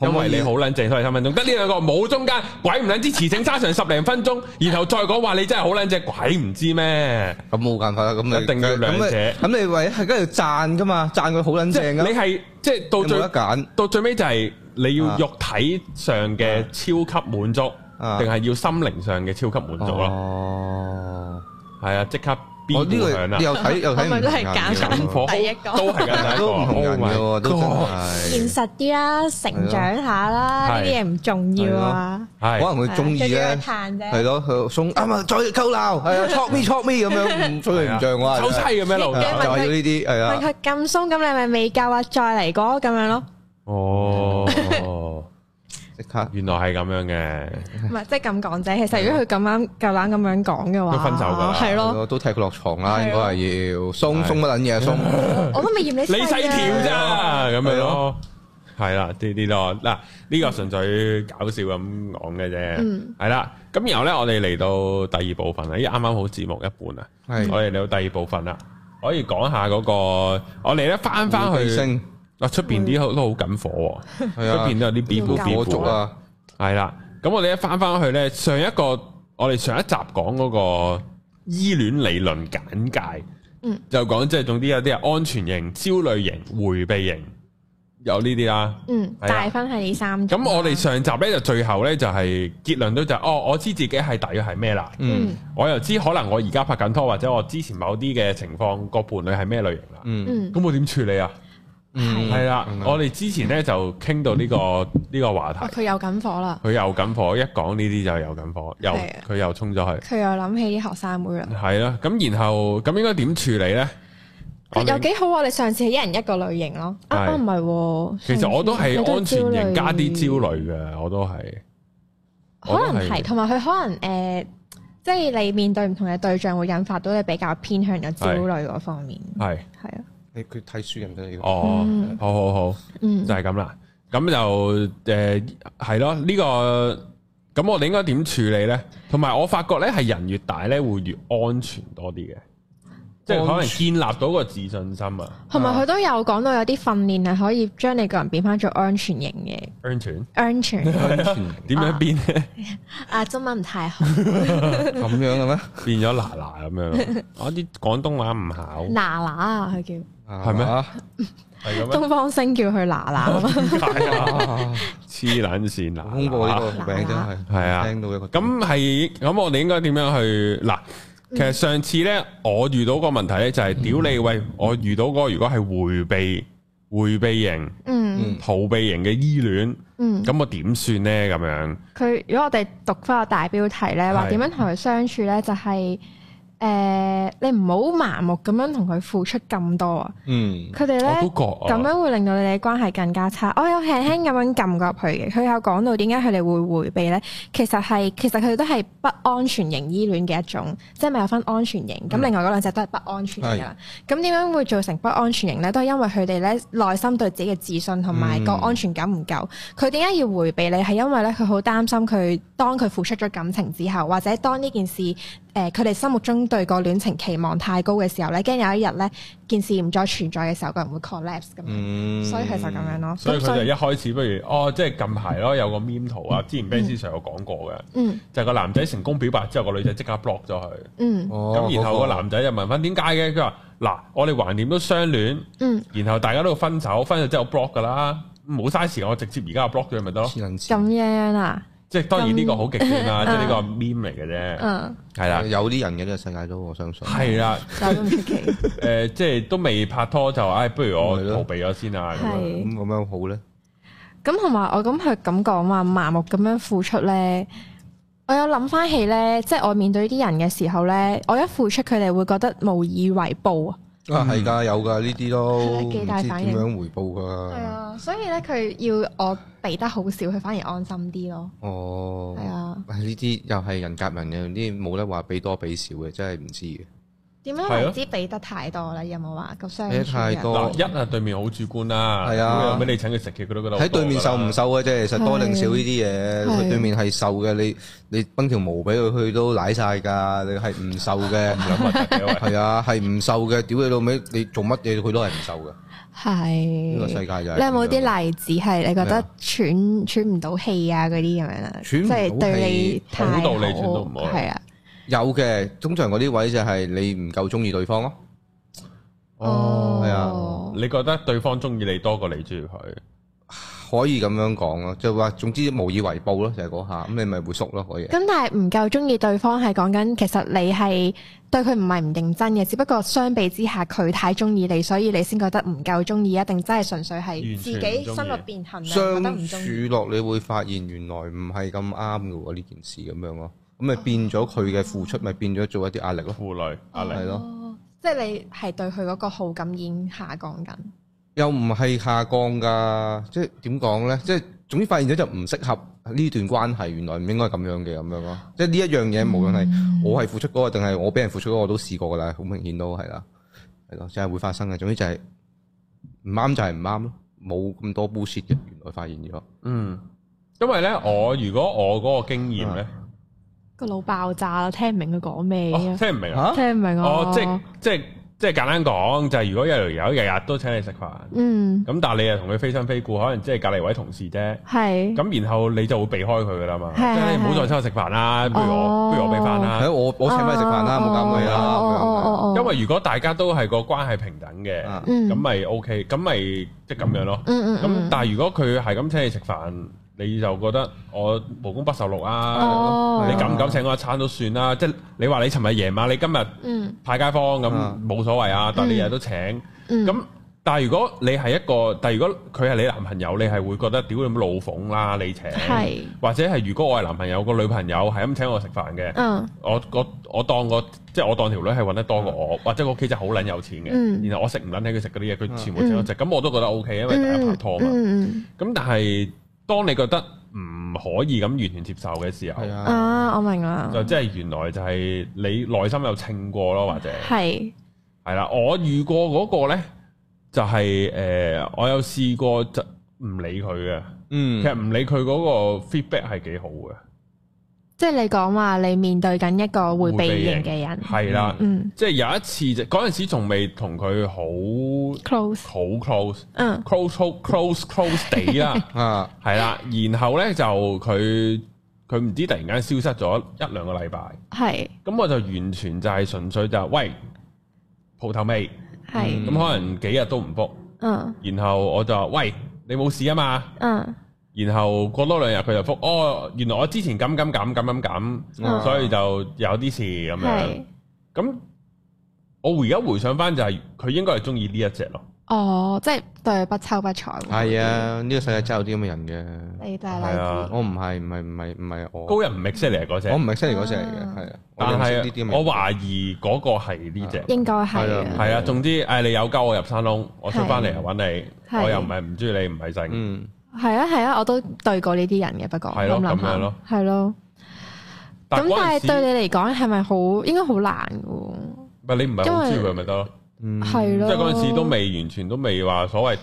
因為你好撚正，所以三分鐘。得呢兩個冇中間，鬼唔撚知持，整揸長十零分鐘，然後再講話你真係好撚正，鬼唔知咩？咁冇辦法啦，咁一定要兩者。咁你為係跟住讚噶嘛？讚佢好撚正噶。你係即係到最冇得揀，到最尾就係你要肉體上嘅超級滿足，定係、啊啊、要心靈上嘅超級滿足咯？哦，係啊，即、啊啊、刻。我呢個又睇又睇唔明，都係揀上火好，都唔揀，都唔揀嘅喎，都真係現實啲啦，成長下啦，呢啲嘢唔重要啊，可能佢中意咧，係咯，佢鬆啱啊，再溝鬧，係啊，chok 咩 chok 咩咁樣，唔出形象啊，走晒嘅咩路啊，又要呢啲，係啊，佢咁鬆咁你咪未夠啊，再嚟過咁樣咯，哦。即刻，原來係咁樣嘅。唔係，即係咁講啫。其實如果佢咁啱夠膽咁樣講嘅話，都分手㗎。係咯，都踢佢落床啦。應該係要鬆鬆乜撚嘢，鬆。我都未驗你細啊。你使條啫，咁咪咯。係啦，呢呢個。嗱，呢個純粹搞笑咁講嘅啫。嗯。係啦。咁然後咧，我哋嚟到第二部分啦。咦，啱啱好節目一半啊。係。我哋嚟到第二部分啦，可以講下嗰個，我哋咧翻翻去升。啊！出邊啲都好緊火，出邊、嗯、都有啲 B 股 B 股啊，係啦。咁我哋一翻翻去咧，上一個我哋上一集講嗰個依戀理論簡介，嗯，就講即係總之有啲係安全型、焦慮型、回避型，有呢啲啦，嗯，大的分係三種。咁我哋上集咧就最後咧就係結論都就是、哦，我知自己係大約係咩啦，嗯，我又知可能我而家拍緊拖或者我之前某啲嘅情況個伴侶係咩類型啦，嗯，咁我點處理啊？嗯，係啦了，嗯、我哋之前咧就傾到呢個呢個話題，佢、哦、又緊火啦，佢又緊火，一講呢啲就又緊火，的又佢又衝咗去，佢又諗起啲學生妹啦。係咯，咁然後咁應該點處理咧？有幾好啊！你上次係一人一個類型咯，啊唔係，的啊、其實我都係安全型加啲焦慮嘅，我都係，可能係，同埋佢可能誒，即、呃、係、即係、你面對唔同嘅對象，會引發到你比較偏向有焦慮嗰方面，係係啊。佢睇書人多呢哦，好、嗯嗯、好好，就係咁啦。咁就誒係咯，呢、呃呢個咁我哋應該點處理咧？同埋我發覺咧，係人越大咧，會越安全多啲嘅，全即係可能建立到個自信心啊。同埋佢都有講到有啲訓練係可以將你個人變翻做安全型嘅。安全，安全，安全，點樣變？啊，中文唔太好。咁 [LAUGHS] 樣嘅咩？變咗嗱嗱咁樣我啲、啊、廣東話唔考嗱嗱啊，佢叫。係咩？係咁？東方星叫佢嗱嗱啊！黐捻線，公布呢個病真係係啊，聽到嘅。咁係咁，我哋應該點樣去嗱？其實上次咧，我遇到個問題咧，就係屌你喂！我遇到個如果係回避回避型，嗯，逃避型嘅依戀，嗯，咁我點算咧？咁樣，佢如果我哋讀翻個大標題咧，話點樣同佢相處咧，就係。誒、呃，你唔好盲目咁樣同佢付出咁多啊！嗯，佢哋咧，我都覺咁樣會令到你哋關係更加差。我、哦、有輕輕咁樣撳入佢嘅，佢有講到點解佢哋會回避咧？其實係，其實佢哋都係不安全型依戀嘅一種，即係咪有分安全型？咁另外嗰兩類都係不安全嘅啦。咁點、嗯、樣會造成不安全型咧？都係因為佢哋咧內心對自己嘅自信同埋個安全感唔夠。佢點解要回避你？係因為咧，佢好擔心佢當佢付出咗感情之後，或者當呢件事。誒，佢哋心目中對個戀情期望太高嘅時候咧，驚有一日咧件事唔再存在嘅時候，個人會 collapse 咁、嗯、所以佢就咁樣咯。所以佢就一開始不如哦，即係近排咯，有個 meme 圖啊，嗯、之前 Ben Sir 有講過嘅，嗯、就係個男仔成功表白之後，個女仔即刻 block 咗佢，嗯，咁然後個男仔就問翻點解嘅，佢話嗱，我哋橫掂都相戀，嗯、然後大家都要分手，分咗之後 block 噶啦，冇嘥時我直接而家 block 佢咪得咯，咁樣啊。即係當然呢個好極端啦，嗯、即係呢個 mean 嚟嘅啫，係啦、嗯，了有啲人嘅呢個世界都我相信係啦，誒，即係都未拍拖就，唉、哎，不如我逃避咗先啊，咁咁樣好咧？咁同埋我咁係咁講話，麻木咁樣付出咧，我有諗翻起咧，即、就、係、是、我面對呢啲人嘅時候咧，我一付出，佢哋會覺得無以為報啊！啊，係噶，有噶呢啲咯，幾大反應，唔知點樣回報噶、啊。係啊，所以咧，佢要我俾得好少，佢反而安心啲咯。哦，係啊的。呢啲又係人夾人緣嘅，啲冇得話俾多俾少嘅，真係唔知嘅。點解唔知俾得太多咧？有冇話、那個相處？太多一啊，啊啊對面好主觀啦。係啊，俾你請佢食嘅，佢都覺得喺對面瘦唔瘦嘅啫。其實多定少呢啲嘢，佢對面係瘦嘅，你你崩條毛俾佢，佢都舐晒噶。你係唔瘦嘅，係啊，係唔瘦嘅。屌你老味，你做乜嘢佢都係唔瘦嘅。係呢、啊、個世界就係你有冇啲例子係你覺得喘喘唔到氣啊？嗰啲咁樣啊，即係對你太好，係啊。有嘅，通常嗰啲位就係你唔夠中意對方咯。哦，係啊的，你覺得對方中意你多過你中意佢，可以咁樣講咯，就係話總之無以為報咯，就係嗰下，咁你咪會縮咯，可以。咁但係唔夠中意對方，係講緊其實你係對佢唔係唔認真嘅，只不過相比之下佢太中意你，所以你先覺得唔夠中意，一定真係純粹係自己心入邊衡量，相處落你會發現原來唔係咁啱嘅喎呢件事咁樣咯。咁咪變咗佢嘅付出，咪變咗做一啲壓力咯，負累壓力係咯。即係你係對佢嗰個好感已經下降緊，又唔係下降噶。即係點講咧？即係總之發現咗就唔適合呢段關係。原來唔應該咁樣嘅咁樣咯。即係呢一樣嘢，無論係我係付出嗰個，定係我俾人付出嗰個，我都試過噶啦。好明顯都係啦，係咯，就係會發生嘅。總之就係唔啱就係唔啱咯。冇咁多 bullshit 嘅，原來發現咗。嗯，因為咧，我如果我嗰個經驗咧。個腦爆炸咯。聽唔明佢講咩啊？聽唔明啊？聽唔明啊？哦，即係即係即係簡單講，就係如果有條友日日都請你食飯，嗯，咁但係你又同佢非親非故，可能即係隔籬位同事啫，係，咁然後你就會避開佢噶啦嘛，即係你唔好再請我食飯啦，不如我不如我俾飯啦，我我請翻你食飯啦，冇咁你啦，因為如果大家都係個關係平等嘅，咁咪 OK，咁咪即係咁樣咯，咁但係如果佢係咁請你食飯。你就覺得我無功不受祿啊？你敢唔敢請我一餐都算啦。即係你話你尋日夜晚，你今日派街坊咁冇所謂啊。但係你日日都請咁，但係如果你係一個，但係如果佢係你男朋友，你係會覺得屌你老鳳啦，你請，或者係如果我係男朋友，個女朋友係咁請我食飯嘅，我我我當我即係我當條女係揾得多過我，或者我屋企真係好撚有錢嘅，然後我食唔撚起佢食嗰啲嘢，佢全部請我食咁我都覺得 OK，因為大家拍拖嘛。咁但係。當你覺得唔可以咁完全接受嘅時候，啊，啊，我明啦，就即係原來就係你內心有稱過咯，或者係係啦，我遇過嗰個呢，就係、是、誒、呃，我有試過就唔理佢嘅，嗯，其實唔理佢嗰個 feedback 係幾好嘅。即係你講話，你面對緊一個回避型嘅人，係啦，嗯，即係有一次嗰陣時仲未同佢好 close，好 close，嗯，close close close close 地啦，啊，係啦，然後咧就佢佢唔知突然間消失咗一兩個禮拜，係，咁我就完全就係純粹就係喂，蒲頭未？係，咁可能幾日都唔覆，嗯，然後我就話喂，你冇事啊嘛，嗯。然後過多兩日佢就覆，哦，原來我之前咁咁咁咁咁咁，所以就有啲事咁樣。咁我而家回想翻就係佢應該係中意呢一隻咯。哦，即係對不瞅不睬。係啊，呢個世界真係有啲咁嘅人嘅。你大係啦，我唔係唔係唔係唔係我高人唔係悉尼嗰隻，我唔係悉尼嗰隻嘅，係啊。但係我懷疑嗰個係呢隻，應該係係啊。總之，哎，你有溝我入山窿，我出翻嚟，又揾你，我又唔係唔中意你，唔係剩。係啊，係啊，我都對過呢啲人嘅，不過咁諗下，係、啊、咯、嗯。咁但係對你嚟講，係咪好應該好難噶？唔係你唔係好中意佢咪得咯？係咯，嗯啊、即係嗰陣時都未完全都未話所謂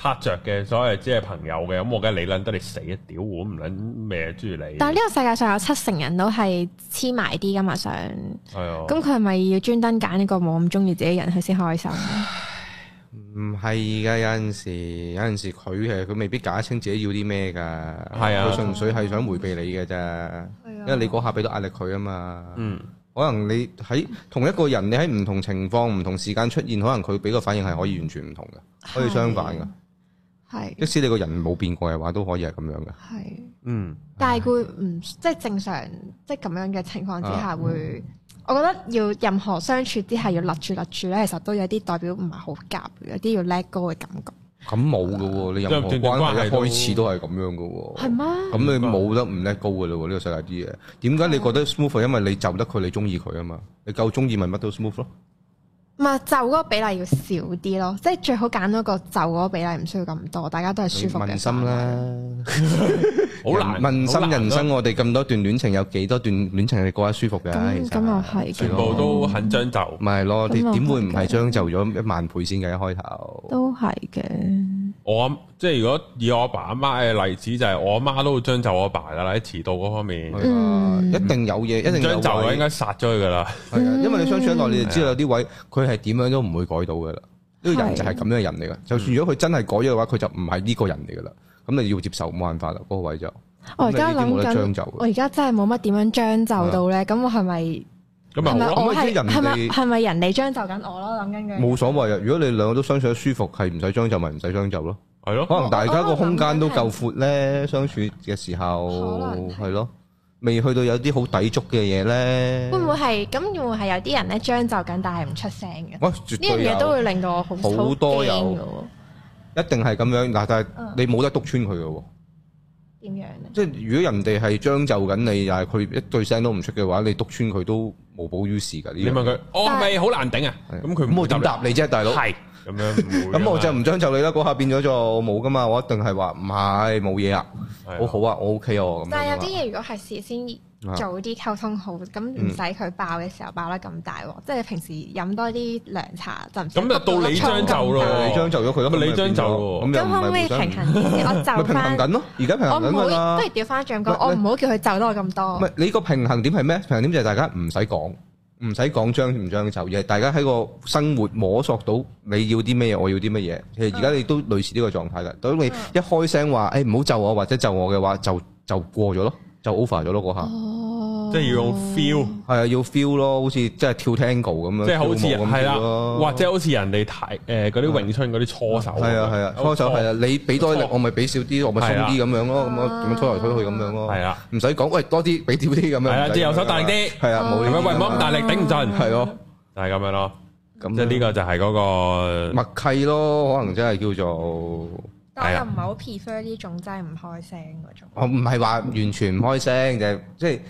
撻着嘅，所謂只係朋友嘅，咁我梗係你諗得你死一屌我，唔諗咩中意你。但係呢個世界上有七成人都係黐埋啲噶嘛，想咁佢係咪要專登揀一個冇咁中意自己人佢先開心？唔係噶，有陣時有陣時佢係佢未必搞得清自己要啲咩噶，係啊，佢純粹係想回避你嘅啫，係啊，因為你嗰下俾到壓力佢啊嘛，嗯，可能你喺同一個人，你喺唔同情況、唔同時間出現，可能佢俾個反應係可以完全唔同嘅，可以相反嘅，係即使你個人冇變過嘅話，都可以係咁樣嘅，係，嗯，但係佢唔即係正常，即係咁樣嘅情況之下會。我覺得要任何相處啲係要立住立住咧，其實都有啲代表唔係好夾，有啲要叻高嘅感覺。咁冇噶喎，以你任何關係開始都係咁樣噶喎。係咩？咁你冇得唔叻高噶咯？呢嗎個世界啲嘢，點解你覺得 smooth？嗎因為你就得佢，你中意佢啊嘛？你夠中意咪乜都 smooth 咯？唔就嗰個比例要少啲咯，即係最好揀嗰個就嗰個比例唔需要咁多，大家都係舒服嘅。問心啦，好 [LAUGHS] 人難問心難、啊、人生，我哋咁多段戀情，有幾多段戀情係過得舒服嘅、啊？咁咁又係，全部咯都很將就，咪係咯？你點會唔係將就咗一萬倍先嘅一開頭？都係嘅。我即係如果以我阿爸阿媽嘅例子就係我阿媽都會將就我阿爸噶，喺遲到嗰方面，一定有嘢，一定將就應該殺咗佢噶啦，係啊，因為你相處一你就知道有啲位佢係點樣都唔會改到噶啦，呢個人就係咁樣嘅人嚟噶。就算如果佢真係改咗嘅話，佢就唔係呢個人嚟噶啦。咁你要接受，冇辦法啦，嗰個位就我而家諗緊將就。我而家真係冇乜點樣將就到咧。咁我係咪？咁咪我係係咪係咪人哋將就緊我咯，諗緊嘅，冇所謂啊！如果你兩個都相處得舒服，係唔使將就咪唔使將就咯，係咯。可能大家個空間都夠闊咧，相處嘅時候係咯，未去到有啲好抵觸嘅嘢咧。會唔會係咁？會唔會係有啲人咧將就緊，但係唔出聲嘅？呢樣嘢都會令到我好好多有，一定係咁樣嗱，但係你冇得督穿佢嘅。點樣？即係如果人哋係將就緊你，又係佢一句聲都唔出嘅話，你督穿佢都。無補於事噶，你問佢，我係咪好難頂啊？咁佢唔會點答你啫，大佬。係咁的樣，咁 [LAUGHS] 我就唔將就你啦。嗰下變咗就冇噶嘛，我一定係話唔係冇嘢啊，好的好啊，我 OK 哦、啊。但係有啲嘢如果係事先。早啲溝通好，咁唔使佢爆嘅時候爆得咁大喎。即係平時飲多啲涼茶就唔。咁就到你將就咯，你將就咗佢，咁咪你將就喎。咁可唔可以平衡點？我就翻咪平衡緊咯。而家平衡緊啦。我唔好不如調翻帳嗰，我唔好叫佢就多我咁多。唔係你個平衡點係咩？平衡點就係大家唔使講，唔使講將唔將就，而係大家喺個生活摸索到你要啲咩嘢，我要啲乜嘢。其實而家你都類似呢個狀態嘅。當你一開聲話，誒唔好就我或者就我嘅話，就就過咗咯。就 offer 咗咯嗰下，即係要用 feel，係啊，要 feel 咯，好似即係跳 tango 咁樣，即係好似係啦，或者好似人哋睇誒嗰啲詠春嗰啲搓手，係啊係啊搓手係啊，你俾多啲力，我咪俾少啲，我咪鬆啲咁樣咯，咁樣推來推去咁樣咯，係啊，唔使講，喂多啲，俾少啲咁樣，係啊，隻右手大力啲，係啊，唔喂，唔好咁大力，頂唔順，係咯，就係咁樣咯，咁即係呢個就係嗰個默契咯，可能真係叫做。我就唔係好 prefer 呢種真係唔開聲嗰種。就是、種我唔係話完全唔開聲，嘅，即係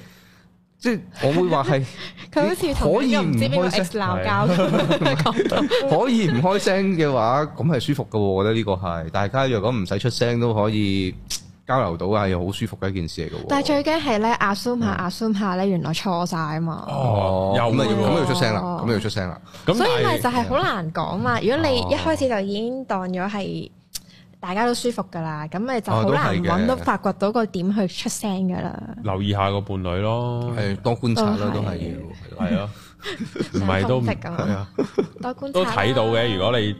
即係我會話係。佢好似可以唔開聲鬧交可以唔開聲嘅話，咁係舒服噶。我覺得呢個係大家若果唔使出聲都可以交流到啊，又好舒服嘅一件事嚟噶。但係最驚係咧，assume 下 assume 下咧，原來錯晒啊嘛。哦，有咪？咁、哦、要出聲啦，咁又出聲啦。咁所以咪就係好難講嘛。嗯嗯、如果你一開始就已經當咗係。大家都舒服噶啦，咁咪就好難揾到發掘到個點去出聲噶啦。啊、留意下個伴侶咯，係多觀察咯，都係要，係咯， [LAUGHS] 唔係都唔係啊。 [LAUGHS] 多觀察都睇到嘅。如果你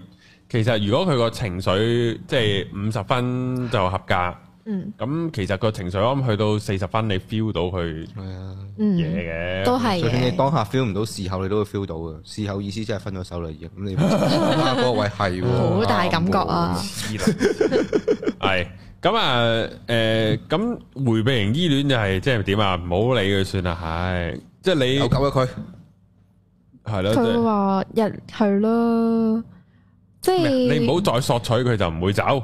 其實，如果佢個情緒，即係五十分就合格。 [LAUGHS] 嗯，咁其實個情緒我諗去到四十分，你 feel 到佢係啊，嘢嘅，都係。就算你當下 feel 唔到，事後你都會 feel 到嘅。事後意思即係分咗手啦，已經。咁你嗰位係好大感覺啊，係咁啊，誒，咁回避型依戀就係即係點啊？唔好理佢算啦，係即係你救一救佢，係咯。佢話入去啦，即係你唔好再索取佢就唔會走。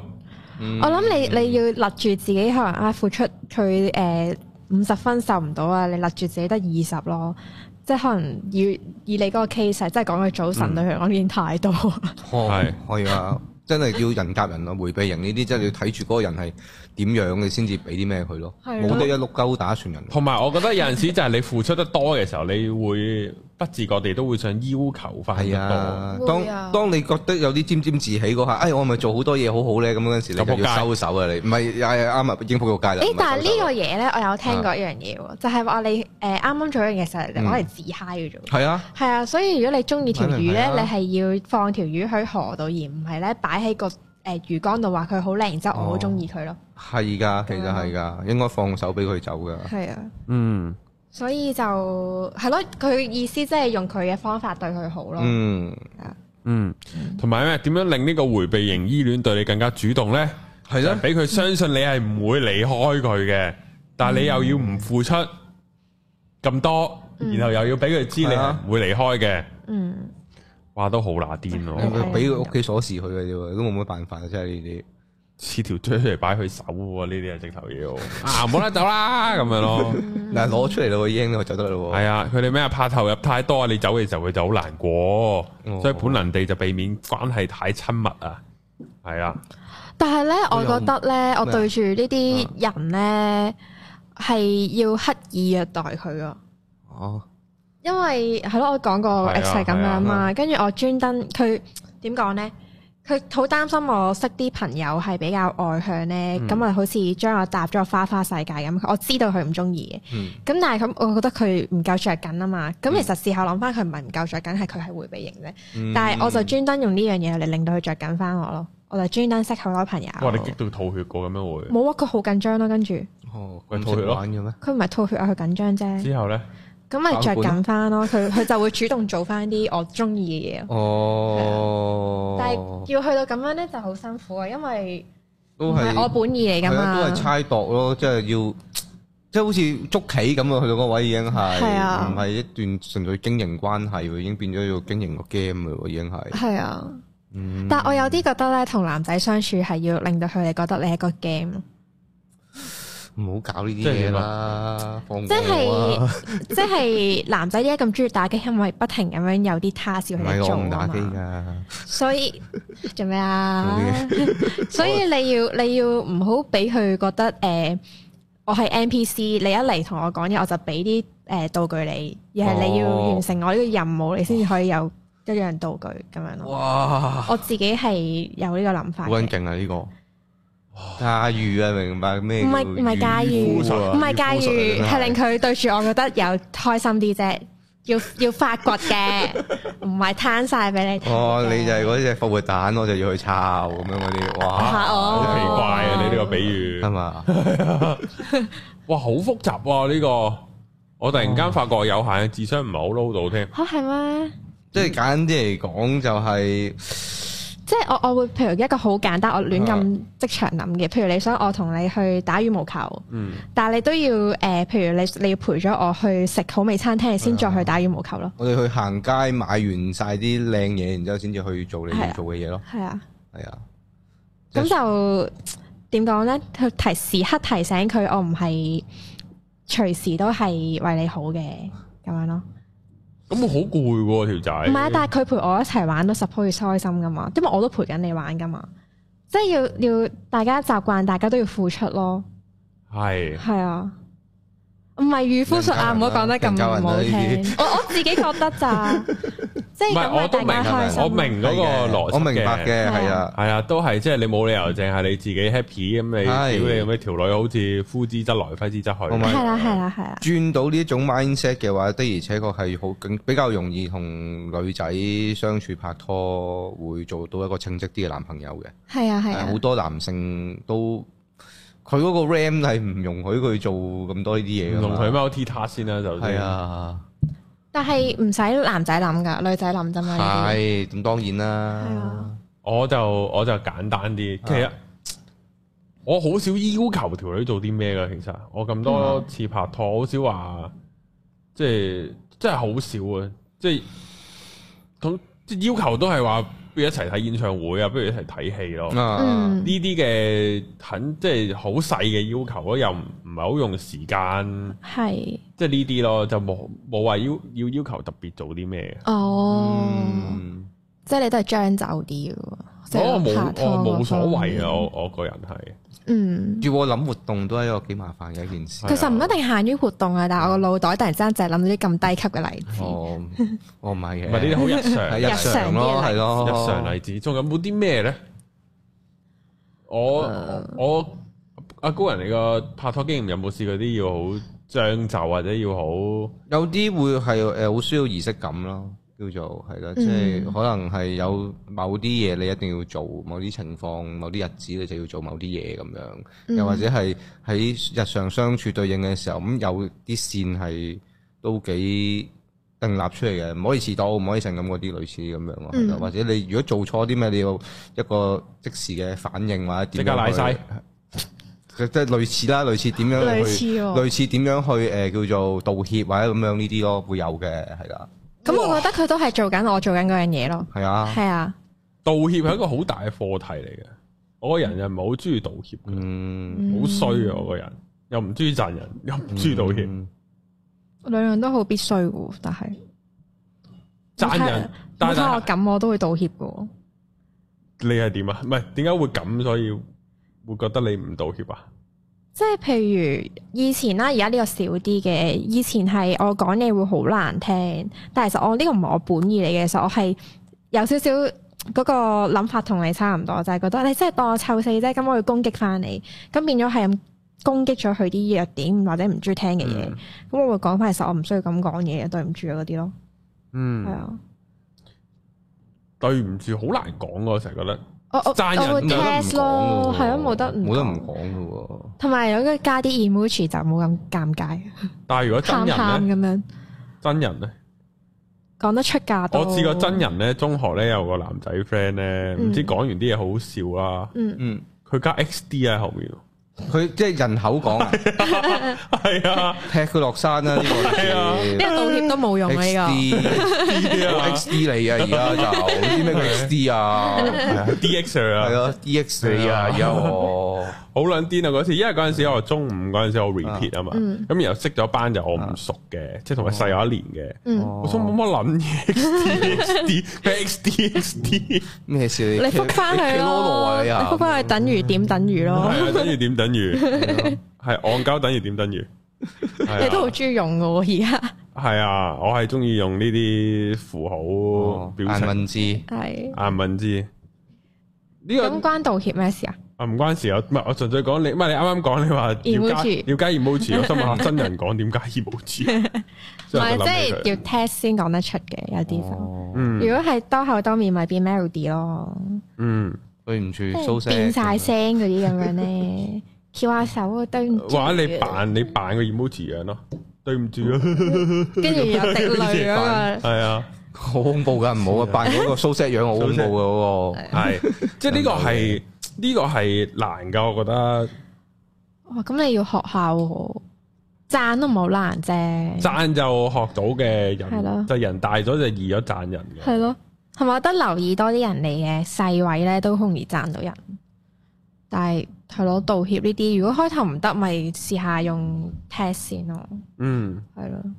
嗯、我諗你你要勒住自己可能啊付出佢誒五十分受唔到啊，你勒住自己得二十咯，即係可能以以你嗰個 case，即係講佢早晨對佢、嗯、已經太多。係，可以啊，真係要人夾人咯，回避型呢啲真係要睇住嗰個人係點樣嘅先至俾啲咩佢咯。係，冇得、啊、一碌鳩打算人。同埋我覺得有陣時就係你付出得多嘅時候，你會。不自覺地都會想要求快咁多。當當你覺得有啲沾沾自喜嗰下，哎，我係咪做多好多嘢好好咧？咁嗰陣時，你要收手、哎、啊！你唔係啱啊，已經撲到街啦。但係呢個嘢咧，我有聽過一樣嘢喎，啊、就係話你誒啱啱做一樣嘢時候，你可自嗨嘅啫。係、嗯、啊，係啊，所以如果你中意條魚咧，啊、你係要放條魚喺河度，而唔係咧擺喺個誒魚缸度，話佢好靚，然之後我好中意佢咯。係㗎，其實係㗎，應該放手俾佢走㗎。係啊的，的嗯。所以就係咯，佢意思即係用佢嘅方法對佢好咯。嗯，嗯，同埋咧，點樣令呢個回避型依戀對你更加主動咧？係咧，俾佢相信你係唔會離開佢嘅，嗯、但係你又要唔付出咁多，嗯、然後又要俾佢知你唔會離開嘅。嗯，嗯哇，都好撚癲咯，俾佢屋企鎖匙佢嘅啫，都冇乜辦法，即係呢啲。似條錐出嚟擺佢手喎，呢啲係直頭要。 [LAUGHS] 啊，唔好啦，走啦，咁樣咯。嗱，攞出嚟咯，已經咯，走得咯。係啊，佢哋咩啊，怕投入太多，你走嘅時候佢就好難過，哦、所以本能地就避免關係太親密啊。係啊，但係咧，我覺得咧，麼我對住呢啲人咧，係要刻意虐待佢、哦、啊。哦。因為係咯，我講過 ex 係咁樣啊。跟住我專登，佢點講咧？佢好擔心我識啲朋友係比較外向咧，咁啊、嗯、好似將我搭咗花花世界咁。我知道佢唔中意嘅，咁、嗯、但係咁我覺得佢唔夠着緊啊嘛。咁、嗯、其實事後諗翻，佢唔係唔夠着緊，係佢係回避型啫。嗯、但係我就專登用呢樣嘢嚟令到佢着緊翻我咯。我就專登識好多朋友。哇！你激到吐血過咁樣會？冇啊！佢好緊張咯，跟住佢、哦、吐血，佢唔係吐血啊，佢緊張啫。之後咧。咁咪着緊翻咯，佢佢本就會主動做翻啲我中意嘅嘢。哦，啊、但係要去到咁樣咧，就好辛苦啊，因為都係我本意嚟噶嘛。都係猜度咯，即係要，即係好似捉棋咁啊！去到嗰位已經係係啊，唔係一段純粹經營關係，已經變咗要經營一個 game 咯，已經係。係啊，嗯、但係我有啲覺得咧，同男仔相處係要令到佢哋覺得你係一個 game。唔好搞呢啲嘢啦！即係是、啊、 [LAUGHS] 即係男仔點解咁中意打機，因為不停咁樣有啲他事喺度做啊嘛。所以做咩啊？所以你要你要唔好俾佢覺得誒、呃，我係 N P C，你一嚟同我講嘢，我就俾啲誒道具你，而係你要完成我呢個任務，你先至可以有一樣道具咁樣咯。哦、哇！我自己係有呢個諗法。哇好撚勁啊！呢、這個駕馭啊，明白咩？唔係唔係駕馭，唔係駕馭，係令佢對住我覺得有開心啲啫。要要發掘嘅，唔係攤晒俾你睇。哦，你就係嗰隻復活蛋，我就要去抄咁樣嗰啲。哇，好奇怪啊！你呢個比喻係嘛？哇，好複雜呢個。我突然間發覺，有限嘅智商唔係好撈到添。吓係咩？即係簡單啲嚟講，就係。即係我我會譬如一個好簡單我亂咁即場諗嘅，譬如你想我同你去打羽毛球，嗯、但係你都要誒、呃，譬如你你要陪咗我去食好味餐廳先再去打羽毛球咯。嗯、我哋去行街買完晒啲靚嘢，然之後先至去做你要做嘅嘢咯。係啊，係啊，咁、啊、就點講咧？提時刻提醒佢，我唔係隨時都係為你好嘅，咁樣咯。咁我好攰喎，條仔。唔係，但係佢陪我一齊玩都 support 佢開心㗎嘛，因為我都陪緊你玩㗎嘛，即係要要大家習慣，大家都要付出咯。係是。係啊。唔係漁夫術啊！唔好講得咁唔好聽，我我自己覺得咋，即係咁，大家開心我明，嗰個明白嘅。係啊，係啊，都係即係你冇理由淨係你自己 happy 咁，你屌你咩條女好似呼之則來，揮之則去。係啦，係啦，係啦。轉到呢一種 mindset 嘅話，的而且確係好，比較容易同女仔相處拍拖，會做到一個稱職啲嘅男朋友嘅。係啊，係啊，好多男性都。佢嗰個 RAM 係唔容許佢做咁多呢啲嘢噶，容許咩？我踢他先啦，就係啊。但係唔使男仔諗噶，女仔諗咋嘛。係咁、啊、當然啦、啊。我就我就簡單啲。其實、啊、我好少要求條女做啲咩噶。其實我咁多次拍拖，好、嗯啊、少話，即係真係好少啊。即係即要求都係話不如一齊睇演唱會啊，不如一齊睇戲咯。啊、嗯，呢啲嘅很即係好細嘅要求咯，又唔唔係好用時間。係是，即係呢啲咯，就冇冇話要要要求特別做啲咩哦，嗯、即係你都係張就啲喎。我冇，我冇所謂啊！我我個人係，嗯，要我諗活動都係一個幾麻煩嘅一件事。其實唔一定限於活動啊，但係我個腦袋突然間就係諗到啲咁低級嘅例子。哦，我唔係嘅，唔係呢啲好日常，日常咯，係咯，日常例子。仲有冇啲咩咧？我我阿高人，你個拍拖經驗有冇試過啲要好將就或者要好？有啲會係誒，好需要儀式感咯。叫做係啦，即係可能係有某啲嘢你一定要做，某啲情況、某啲日子你就要做某啲嘢咁樣，又或者係喺日常相處對應嘅時候，咁、嗯、有啲線係都幾定立立出嚟嘅，唔可以遲到，唔可以成咁嗰啲類似咁樣。嗯，或者你如果做錯啲咩，你要一個即時嘅反應或者點樣去？即刻賴曬，即係 [LAUGHS] 類似啦，類似點樣去？ [LAUGHS] 類似哦，類似點樣去誒、呃、叫做道歉或者咁樣呢啲咯，會有嘅係啦。咁我覺得佢都係做緊我做緊嗰樣嘢咯。係啊，係啊。道歉係一個好大嘅課題嚟嘅。我個人又唔係好中意道歉，嗯，好衰呀我個人，又唔中意讚人，又唔中意道歉。兩樣都好必須嘅，但係讚人，但係我咁我都會道歉嘅。你係點啊？唔係點解會咁，所以會覺得你唔道歉啊？即係譬如以前啦，而家呢個少啲嘅。以前係我講嘢會好難聽，但係其實我呢、這個唔係我本意嚟嘅。其實我係有少少嗰個諗法同你差唔多，就係、是、覺得你真係當我臭死啫，咁我會攻擊翻你，咁變咗係咁攻擊咗佢啲弱點或者唔中意聽嘅嘢，咁、嗯、我會講翻。其實我唔需要咁講嘢，對唔住嗰啲咯。嗯，係啊，對唔住，好難講噶，我成日覺得。我我我會 test 咯、哦，係咯人，冇得、哦，冇得唔講噶喎。同埋對有啲加啲 emoji 就冇咁尷尬。但係如果真人咁樣真人咧，講得出架多。我知過真人咧，中學咧有個男仔 friend 咧，唔、嗯、知講完啲嘢好笑啊，嗯嗯，佢加 XD 喺後面。佢即係人口講，係啊，踢佢落山啦呢個，一道歉都冇用呢個，D X 你啊而家就知咩 X D 啊，DX 係啊。啊，係啊。d x 你啊而家我。好卵癲啊！嗰次，因為嗰陣時我中午嗰陣時我 repeat 啊嘛，咁然後識咗班就我唔熟嘅，即係同佢細我一年嘅，我都冇乜諗嘢，X D X D 咩事？你復翻去咯，復翻去等於點等於咯，等於點等於，係戇鳩等於點等於。你都好中意用嘅，而家係啊，我係中意用呢啲符號表文字，係文字。呢個咁關道歉咩事啊？啊，唔關事啊，唔係我純粹講你，唔係你啱啱講你話要加要加 emoji，我想問下真人講點加 emoji，即係要 test 先講得出嘅，有啲如果係多口多面咪變 melody 咯，嗯，對唔住蘇變晒聲嗰啲咁樣咧，翹下手啊對唔住，或者你扮你扮個 emoji 樣咯，對唔住，跟住有滴淚啊嘛，係啊，好恐怖噶，唔好啊，扮嗰個蘇 Sir 樣好恐怖噶嗰個，係即係呢個係。呢個係難噶，我覺得。哦，咁、嗯、你要學下、啊，讚都唔好難啫、啊。讚就學到嘅人， [LAUGHS] 的就人大咗就易咗讚人嘅。係咯，係咪？得留意多啲人嚟嘅細位咧，都好容易讚到人。但係，係咯，道歉呢啲，如果開頭唔得，咪試下用 test 先咯。嗯，係咯。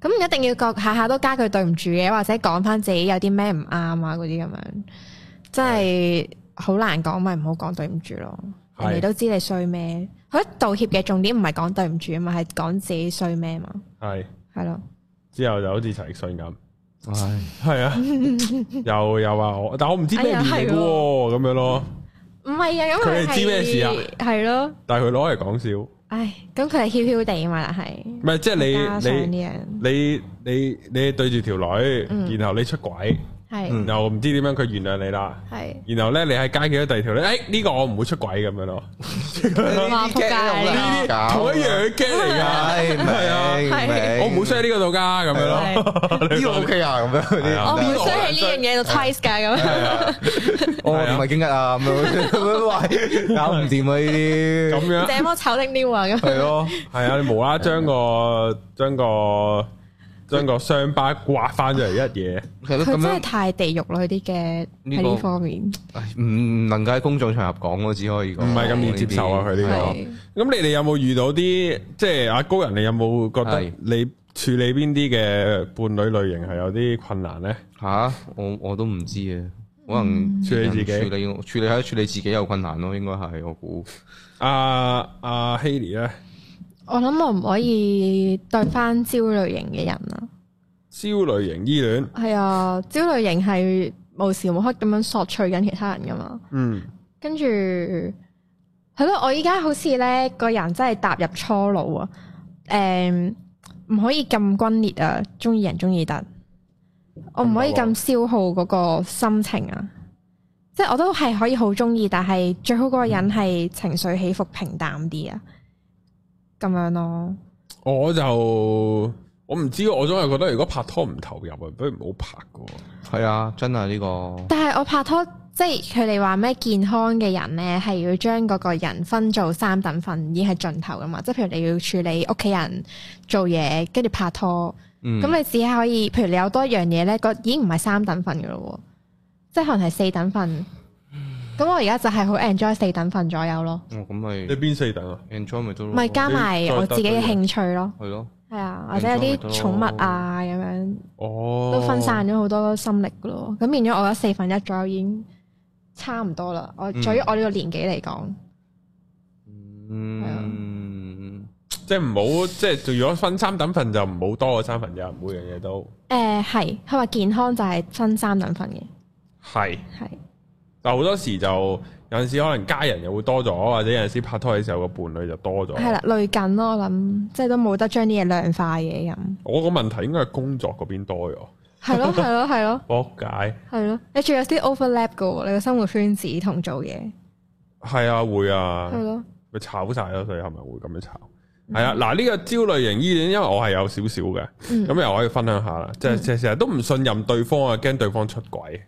咁唔一定要個下下都加句對唔住嘅，或者講翻自己有啲咩唔啱啊嗰啲咁樣，真係。好難講，咪唔好講對唔住咯，你都知你衰咩？我覺得道歉嘅重點唔係講對唔住啊嘛，係講自己衰咩啊嘛。係，係咯。之後就好似陳奕迅咁，係，係啊，有，有啊，我但係我唔知咩事嘅喎，咁樣咯。唔係啊，咁佢係知咩事啊？係咯。但係佢攞嚟講笑。唉，咁佢係囂囂地嘛，係。唔係，即係你你你你你對住條女，然後你出軌。係，然後唔知點樣佢原諒你啦。係，然後咧你喺街見到第二條咧，誒呢個我唔會出軌咁樣咯。撲街，呢啲同一樣嘅嚟噶，係啊，我唔會衰喺呢個度噶咁樣咯。呢個 OK 啊，咁樣啲我唔會衰喺呢樣嘢度 twice 噶咁樣。我唔係驚一啊咁樣，搞唔掂啊呢啲。咁樣。這麼醜的料啊咁。係咯，係啊，你無啦啦將個將個。將個傷疤刮翻咗嚟，一嘢、啊。佢真係太地獄啦！佢啲嘅喺呢方面，唔能夠喺公眾場合講咯，只可以講。唔係咁易接受啊！佢呢、這個。咁的你哋有冇遇到啲，即係阿高人，你有冇覺得你處理邊啲嘅伴侶類型係有啲困難咧？吓，我我都唔知啊，可能處理，、嗯、處理自己，處理處理喺處理自己有困難咯，應該係我估。阿阿希尼咧。啊啊我諗我唔可以對翻焦慮型嘅人類型依戀啊！焦慮型依戀係啊，焦慮型係無時無刻咁樣索取緊其他人噶嘛。嗯，跟住係咯，我依家好似咧個人真係踏入初老啊。誒、嗯，唔可以咁轟烈啊，中意人中意得，我唔可以咁消耗嗰個心情啊。嗯、即係我都係可以好中意，但係最好嗰個人係情緒起伏平淡啲啊。咁樣咯，我就我唔知，我總係覺得如果拍拖唔投入啊，不如唔好拍嘅。係啊，真係呢個。但係我拍拖，即係佢哋話咩健康嘅人咧，係要將嗰個人分做三等份，已經係盡頭噶嘛。即係譬如你要處理屋企人、做嘢，跟住拍拖，咁、嗯、你只可以，譬如你有多樣嘢咧，個已經唔係三等份噶咯，即係可能係四等份。咁我而家就係好 enjoy 四等份左右咯。哦，咁咪你邊四等咯，enjoy 咪都咪加埋我自己嘅興趣咯。係咯，係啊，或者有啲寵物啊咁樣，哦、都分散咗好多心力㗎咯。咁變咗我得四分一左右已經差唔多啦。嗯、於我對於我呢個年紀嚟講，嗯，即係唔好，即係、嗯就是就是、如果分三等份就唔好多過三分一，每樣嘢都。誒、嗯，係，佢話健康就係分三等份嘅，係是，係。但好多時就有陣時可能家人又會多咗，或者有陣時拍拖嘅時候個伴侶就多咗。係啦，累緊咯，我諗，即係都冇得將啲嘢量化嘢。咁。我個問題應該係工作嗰邊多咗。係咯，係咯，係咯。點解？係咯， [LAUGHS] 你仲有啲 overlap 噶，你嘅生活圈子同做嘢。係啊，會啊，係咯的，咪炒晒咯，所以係咪會咁樣炒？係啊、嗯，嗱，呢、呢個焦慮型呢啲，因為我係有少少嘅，咁、嗯、又可以分享下啦、嗯。即係，即係成日都唔信任對方啊，驚對方出軌。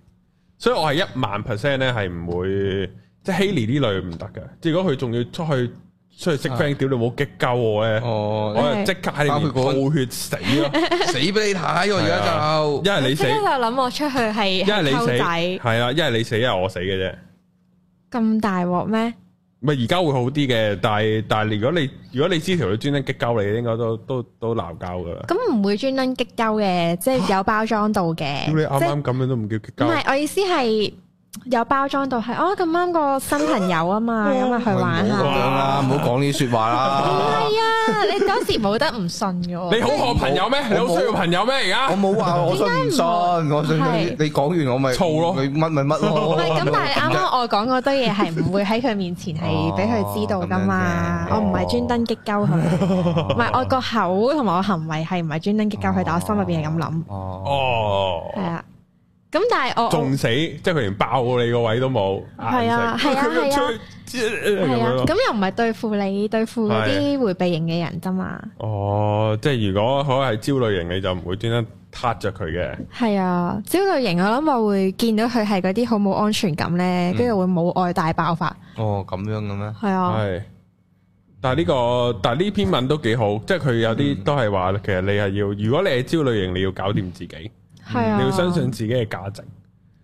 所以我係一萬 percent 咧，係唔會，即係 Hailee 呢類唔得嘅。如果佢仲要出去出去識 friend，屌、啊、你冇激鳩我咧，哦、我就即刻喺你邊吐血死咯、啊， [LAUGHS] 死俾你睇。我而家就一係你死，即刻就諗我出去係溝仔，係啊，一係你死因啊，你死我死嘅啫。咁大鑊咩？唔係而家會好啲嘅，但係但係如果你如果你條女專登激鳩你，應該都都都鬧交噶啦。咁唔會專登激鳩嘅，即係有包裝度嘅。咁、啊、你啱啱咁樣都唔叫激鳩。唔係，我意思係。有包裝到係，我咁啱個新朋友啊嘛，咁咪去玩啦。咁樣啦，唔好講呢啲說話啦。係啊，你嗰時冇得唔信噶。你好學朋友咩？你好，需要朋友咩？而家我冇話，我信唔信？我信你。你講完我咪嘈咯，你問咪乜咯。唔係咁，但係啱啱我講嗰堆嘢係唔會喺佢面前係俾佢知道噶嘛。我唔係專登激鳩佢，唔係我個口同埋我行為係唔係專登激鳩佢，但係我心裏邊係咁諗。哦，係啊。咁但係我仲死，即係佢連爆你個位都冇。係啊，係啊，係啊。係啊，咁又唔係對付你，對付啲回避型嘅人啫嘛。哦，即係如果可能係焦慮型，你就唔會專登撻着佢嘅。係啊，焦慮型我諗我會見到佢係嗰啲好冇安全感咧，跟住會母愛大爆發。哦，咁樣嘅咩？係啊。係。但係呢個，但係呢篇文都幾好，即係佢有啲都係話，其實你係要，如果你係焦慮型，你要搞掂自己。你要相信自己嘅價值，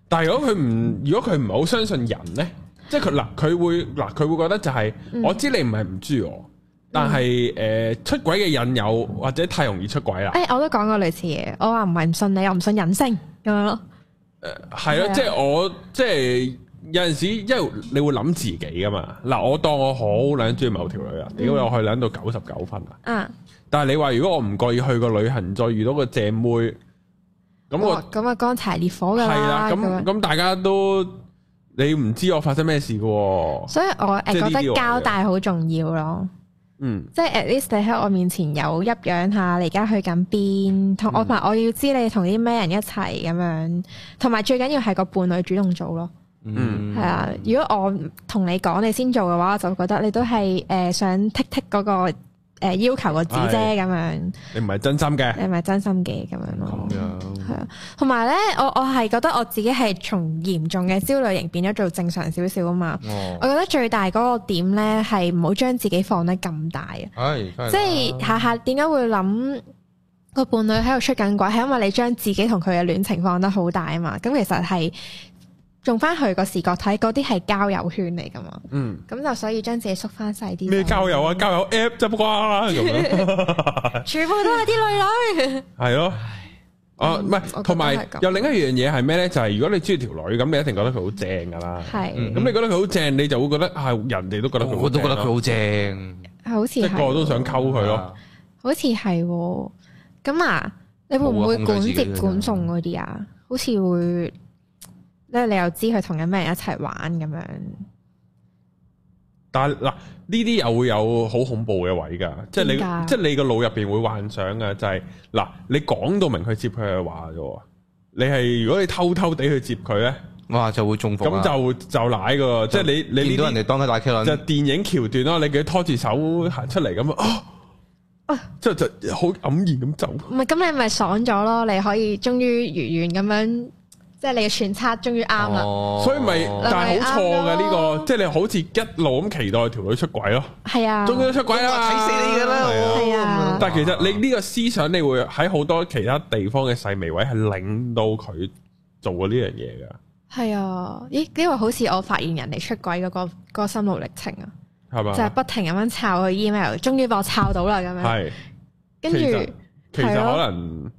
但係如果佢唔，如果佢唔係好相信人咧，即係佢嗱，佢會嗱，佢會覺得就係、是、我知你唔係唔知我，但係誒、嗯呃、出軌嘅引誘或者太容易出軌啦。誒、欸，我都講過類似嘢，我話唔係唔信你，又唔信人性咁樣咯。誒、呃，係咯、啊，即係、啊、我即係、就是、有陣時，因為你會諗自己噶嘛嗱、呃，我當我好靚中意某條女啊，點解我可以諗到九十九分啊？嗯，但係你話如果我唔故意去個旅行，再遇到個姐妹。咁我咁啊，剛才、那個哦、烈火噶啦咁，咁、那個、大家都你唔知我發生咩事噶、哦，所以我誒覺得交代好重要咯。嗯，即係 at least 你喺我面前有入樣下，你而家去緊邊，同我怕、嗯、我要知你同啲咩人一齊咁樣，同埋最緊要係個伴侶主動做咯。嗯，係啊。如果我同你講你先做嘅話，我就覺得你都係誒想剔剔嗰個。誒要求個字啫咁樣，你唔係真心嘅，你唔係真心嘅咁樣咯。係啊樣，同埋咧，我我係覺得我自己係從嚴重嘅焦慮型變咗做正常少少啊嘛。哦、我覺得最大嗰個點咧係唔好將自己放得咁大啊，哎、即係下下點解會諗個伴侶喺度出緊軌？係因為你將自己同佢嘅戀情放得好大啊嘛。咁其實係。用翻佢個視角睇，嗰啲係交友圈嚟噶嘛？嗯，咁就所以將自己縮翻細啲。咩交友啊？交友 app 啫啩啦，全部都係啲女女。係咯，啊，唔係，同埋有另一樣嘢係咩咧？就係如果你中意條女，咁你一定覺得佢好正噶啦。係，咁你覺得佢好正，你就會覺得啊，人哋都覺得佢，我都覺得佢好正。好似個個都想溝佢咯。好似係，咁啊，你會唔會管接管送嗰啲啊？好似會。即係你又知佢同緊咩人一齊玩咁樣？但嗱呢啲又會有好恐怖嘅位噶，即係你即係、就是、你個腦入邊會幻想噶、就是，就係嗱你講到明去接佢嘅話啫，你係如果你偷偷地去接佢咧，哇就會中風、啊，就就奶噶，即係就你你見到人哋當街打 K 咯，就電影橋段咯，你佢拖住手行出嚟咁啊，即係、啊、就好黯然咁走、啊。唔係咁你咪爽咗咯，你可以終於如願咁樣。即係你嘅揣測終於啱啦，所以咪但係好錯嘅呢個，即係你好似一路咁期待條女出軌咯，係啊，終於出軌啦，睇死你噶啦，係啊，但係其實你呢個思想你會喺好多其他地方嘅細微位係令到佢做咗呢樣嘢噶，係啊，咦，呢個好似我發現人哋出軌嘅嗰嗰個心路歷程啊，係嘛，就係不停咁樣抄佢 email，終於幫我抄到啦，咁樣，係，跟住，其實可能。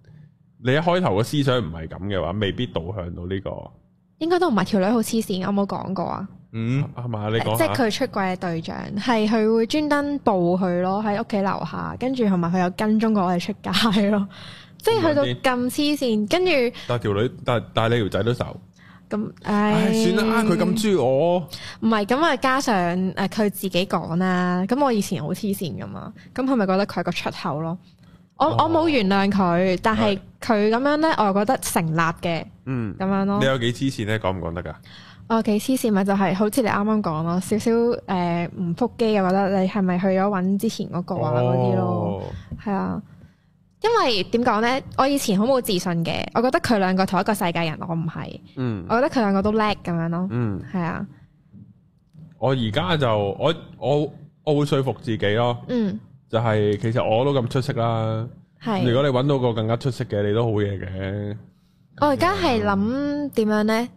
你一開頭嘅思想唔係咁嘅話，未必導向到呢、這個。應該都唔係條女好黐綫，我冇講過、嗯、啊。嗯，係咪？你講，即係佢出軌嘅對象係佢會專登捕佢咯，喺屋企樓下，跟住同埋佢有跟蹤過我哋出街咯，即係去到咁黐綫，跟住。但係條女，但但係你條仔都受。咁唉、嗯，哎、算啦，佢咁豬我。唔係咁啊，加上誒，佢自己講啦。咁我以前好黐綫噶嘛，咁係咪覺得佢係個出口咯？我我冇原諒佢，但係佢咁樣呢，我又覺得成立嘅，嗯，咁樣咯。你有幾黐線呢？講唔講得㗎？我、哦、幾黐線咪就係、是、好似你啱啱講咯，少少誒唔覆機啊！呃、覺得你係咪去咗揾之前嗰個啊嗰啲、哦、咯？係啊，因為點講呢？我以前好冇自信嘅，我覺得佢兩個同一個世界人，我唔係，嗯，我覺得佢兩個都叻咁樣咯，嗯，係啊。我而家就我我我，我會說服自己咯，嗯。就係其實我都咁出色啦。係，如果你搵到個更加出色嘅，你都好嘢嘅。我而家係諗點樣咧？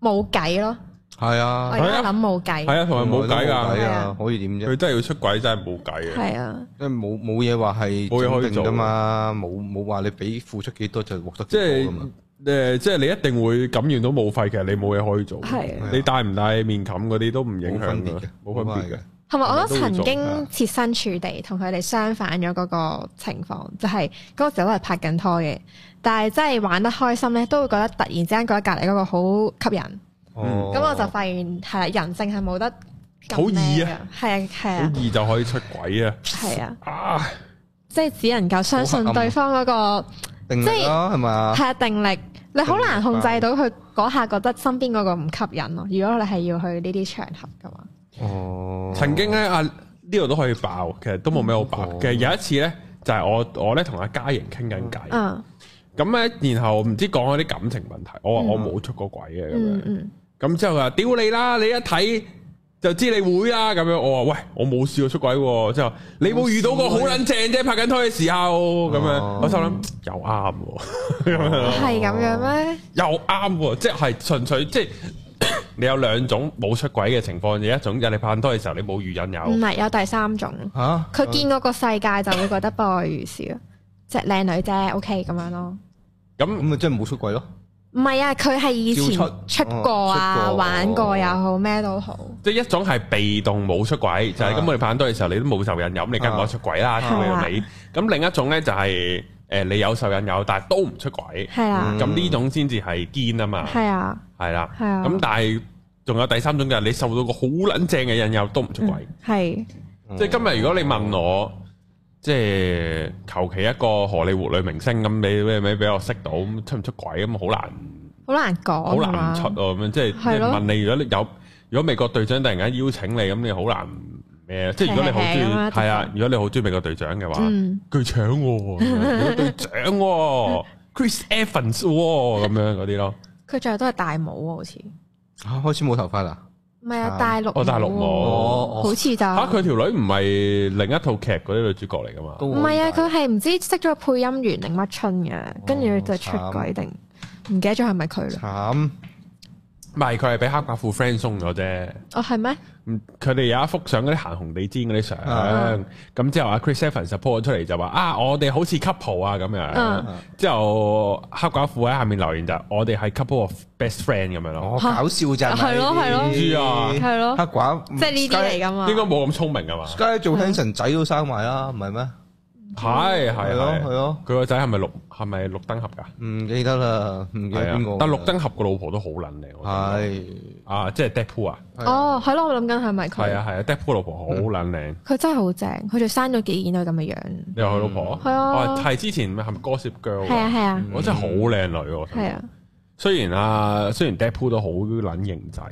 冇計咯。係啊，我而家諗冇計。係啊，同埋冇計噶，可以點啫？佢真係要出軌，真係冇計啊。係啊，因為冇冇嘢話係冇嘢可以做噶嘛，冇冇話你俾付出幾多就獲得。即係，誒，即係你一定會感染到冇肺。其實你冇嘢可以做。係。你戴唔戴面冚嗰啲都唔影響嘅，冇分別嘅。我都曾經設身處地同佢哋相反咗嗰個情況，就係、是、嗰時候都係拍緊拖嘅，但係真係玩得開心咧，都會覺得突然之間覺得隔離嗰個好吸引，咁、哦嗯、我就發現係、啊、人性係冇得好易啊，係啊係啊，好、啊啊、易就可以出軌啊，係啊，啊，即係只能夠相信對方嗰、那個、啊、即使定力咯、啊，係咪？啊，定力你好難控制到佢嗰下覺得身邊嗰個唔吸引咯。如果你係要去呢啲場合嘅話。哦，曾經咧阿，呢度都可以爆，其實都冇咩好爆嘅。有一次咧就係我我咧同阿嘉瑩傾緊偈，咁咧然後唔知講咗啲感情問題，我話我冇出過軌嘅咁樣，咁之後佢話屌你啦，你一睇就知你會啦咁樣，我話喂，我冇試過出軌，之後你冇遇到過好撚正啫，拍緊拖嘅時候咁樣，我心諗又啱，係咁樣咩？又啱，即係純粹即係。你有兩種冇出軌嘅情況，有一種就係你拍緊拖嘅時候你冇遇引誘，唔係有第三種嚇，佢見過個世界就會覺得不外如是咯，即係靚女啫，OK 咁樣咯。咁咁咪即係冇出軌咯？唔係啊，佢係以前出過啊，玩過又好咩都好。即係一種係被動冇出軌，就係咁佢哋拍緊拖嘅時候你都冇受引誘，咁你梗係唔可以出軌啦。咁你咁另一種咧就係。誒，你有受引誘，但係都唔出軌，係啊，咁呢種先至係堅啊嘛，係啊，係啦，咁但係仲有第三種嘅，你受到個好撚正嘅引誘都唔出軌，係，即係今日如果你問我，即係求其一個荷里活女明星咁，你咩咩俾我識到，出唔出軌咁好難，好難講，好難出哦，咁即係問你，如果你有，如果美國隊長突然間邀請你咁，你好難。咩？即係如果你好中意，係啊！如果你好中意美國隊長嘅話，巨搶我，如果隊長 Chris Evans 咁樣嗰啲咯。佢最後都係大帽，好似吓開始冇頭髮啦。唔係啊，大綠哦，大綠帽好似就吓佢條女唔係另一套劇嗰啲女主角嚟噶嘛？唔係啊，佢係唔知識咗個配音員定乜春嘅，跟住就出軌定唔記得咗係咪佢啦。唔係佢係俾黑寡婦 friend 送咗啫。哦，係咩？佢哋有一幅相嗰啲行紅地氈嗰啲相。咁之後阿 Chris Evans support 出嚟就話啊，我哋好似 couple 啊咁樣。之後黑寡婦喺下面留言就我哋係 couple of best friend 咁樣咯。搞笑咋，係咯係咯，知啊，係咯黑寡即係呢啲嚟噶嘛？應該冇咁聰明噶嘛？梗係做 Hanson 仔都生埋啦，唔係咩？係係係咯，佢個仔係咪綠係咪綠燈俠噶？唔記得啦，唔記得邊個。但綠燈俠個老婆都好撚靚。係啊，即係 Deadpool 啊。哦，係咯，我諗緊係咪佢？係啊係啊，Deadpool 老婆好撚靚。佢真係好正，佢就生咗幾年都咁嘅樣。你話佢老婆？係啊。係之前咪係咪 Gossip Girl？係啊係啊。我真係好靚女。係啊。雖然啊，雖然 Deadpool 都好撚型仔，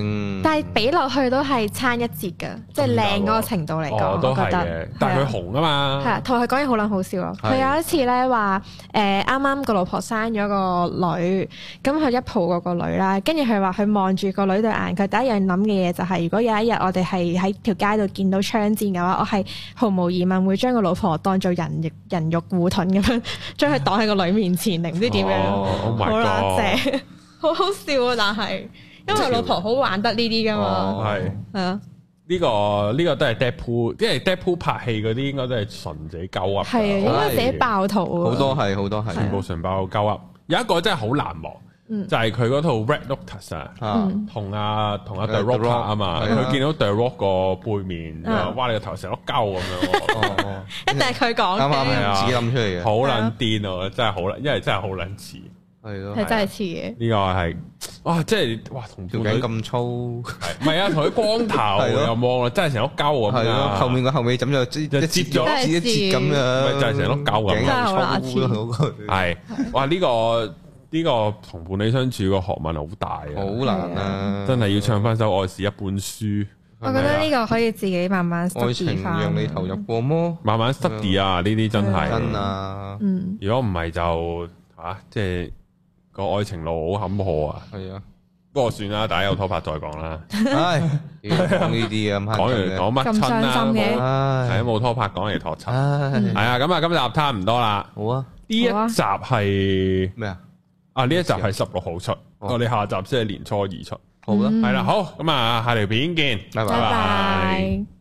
嗯、但係比落去都係差一截㗎，即係靚嗰個程度嚟講，哦、都我都係嘅。但係佢紅啊嘛，係啊的，同佢的講嘢好撚好笑咯。佢的有一次咧話，誒啱啱個老婆生咗個女，咁佢一抱嗰個女啦，跟住佢話佢望住個女對眼，佢第一樣諗嘅嘢就係、是，如果有一日我哋係喺條街度見到槍戰嘅話，我係毫無疑問會將個老婆當做人肉人肉護盾咁樣，將佢擋喺個女面前，定唔 [LAUGHS] 知點樣？好啦，好好笑啊！但係因為老婆好玩得呢啲噶嘛，係係啊，呢個呢個都係 Deadpool，因為 Deadpool 拍戲嗰啲應該都係純者鳩啊，係應該者爆肚啊，好多係好多係全部純爆鳩啊！有一個真係好難忘，就係佢嗰套 Red Notice 啊，同阿同阿對 Rock 啊嘛，佢見到對 Rock 個背面，哇，你個頭成碌鳩咁樣，一定係佢講嘅，係自己諗出嚟嘅，好撚癲啊！真係好，因為真係好撚痴。係咯，係真係似嘅。呢個係哇，即係哇，同條頸咁粗，唔係啊，同佢光頭又望啊，真係成碌膠咁樣。後面個後尾枕就即係接咗一接咁樣，就係成碌膠咁樣粗。係哇，呢個呢個同伴侶相處個學問好大啊，好難啊，真係要唱翻首《愛是一本書》。我覺得呢個可以自己慢慢 study 讓你投入。慢慢 study 啊，呢啲真係。真啊，如果唔係就吓，即係。個愛情路好坎坷啊！係啊，不過算啦，大家有拖拍再講啦。講呢啲啊，講完講乜親啦？係啊，冇拖拍，講嚟拖親。係啊，咁啊，今集差唔多啦。好啊，呢一集係咩啊？啊，呢一集係十六號出，我哋下集先係年初二出。好啦，係啦，好，咁啊，下條片見，拜拜，拜拜。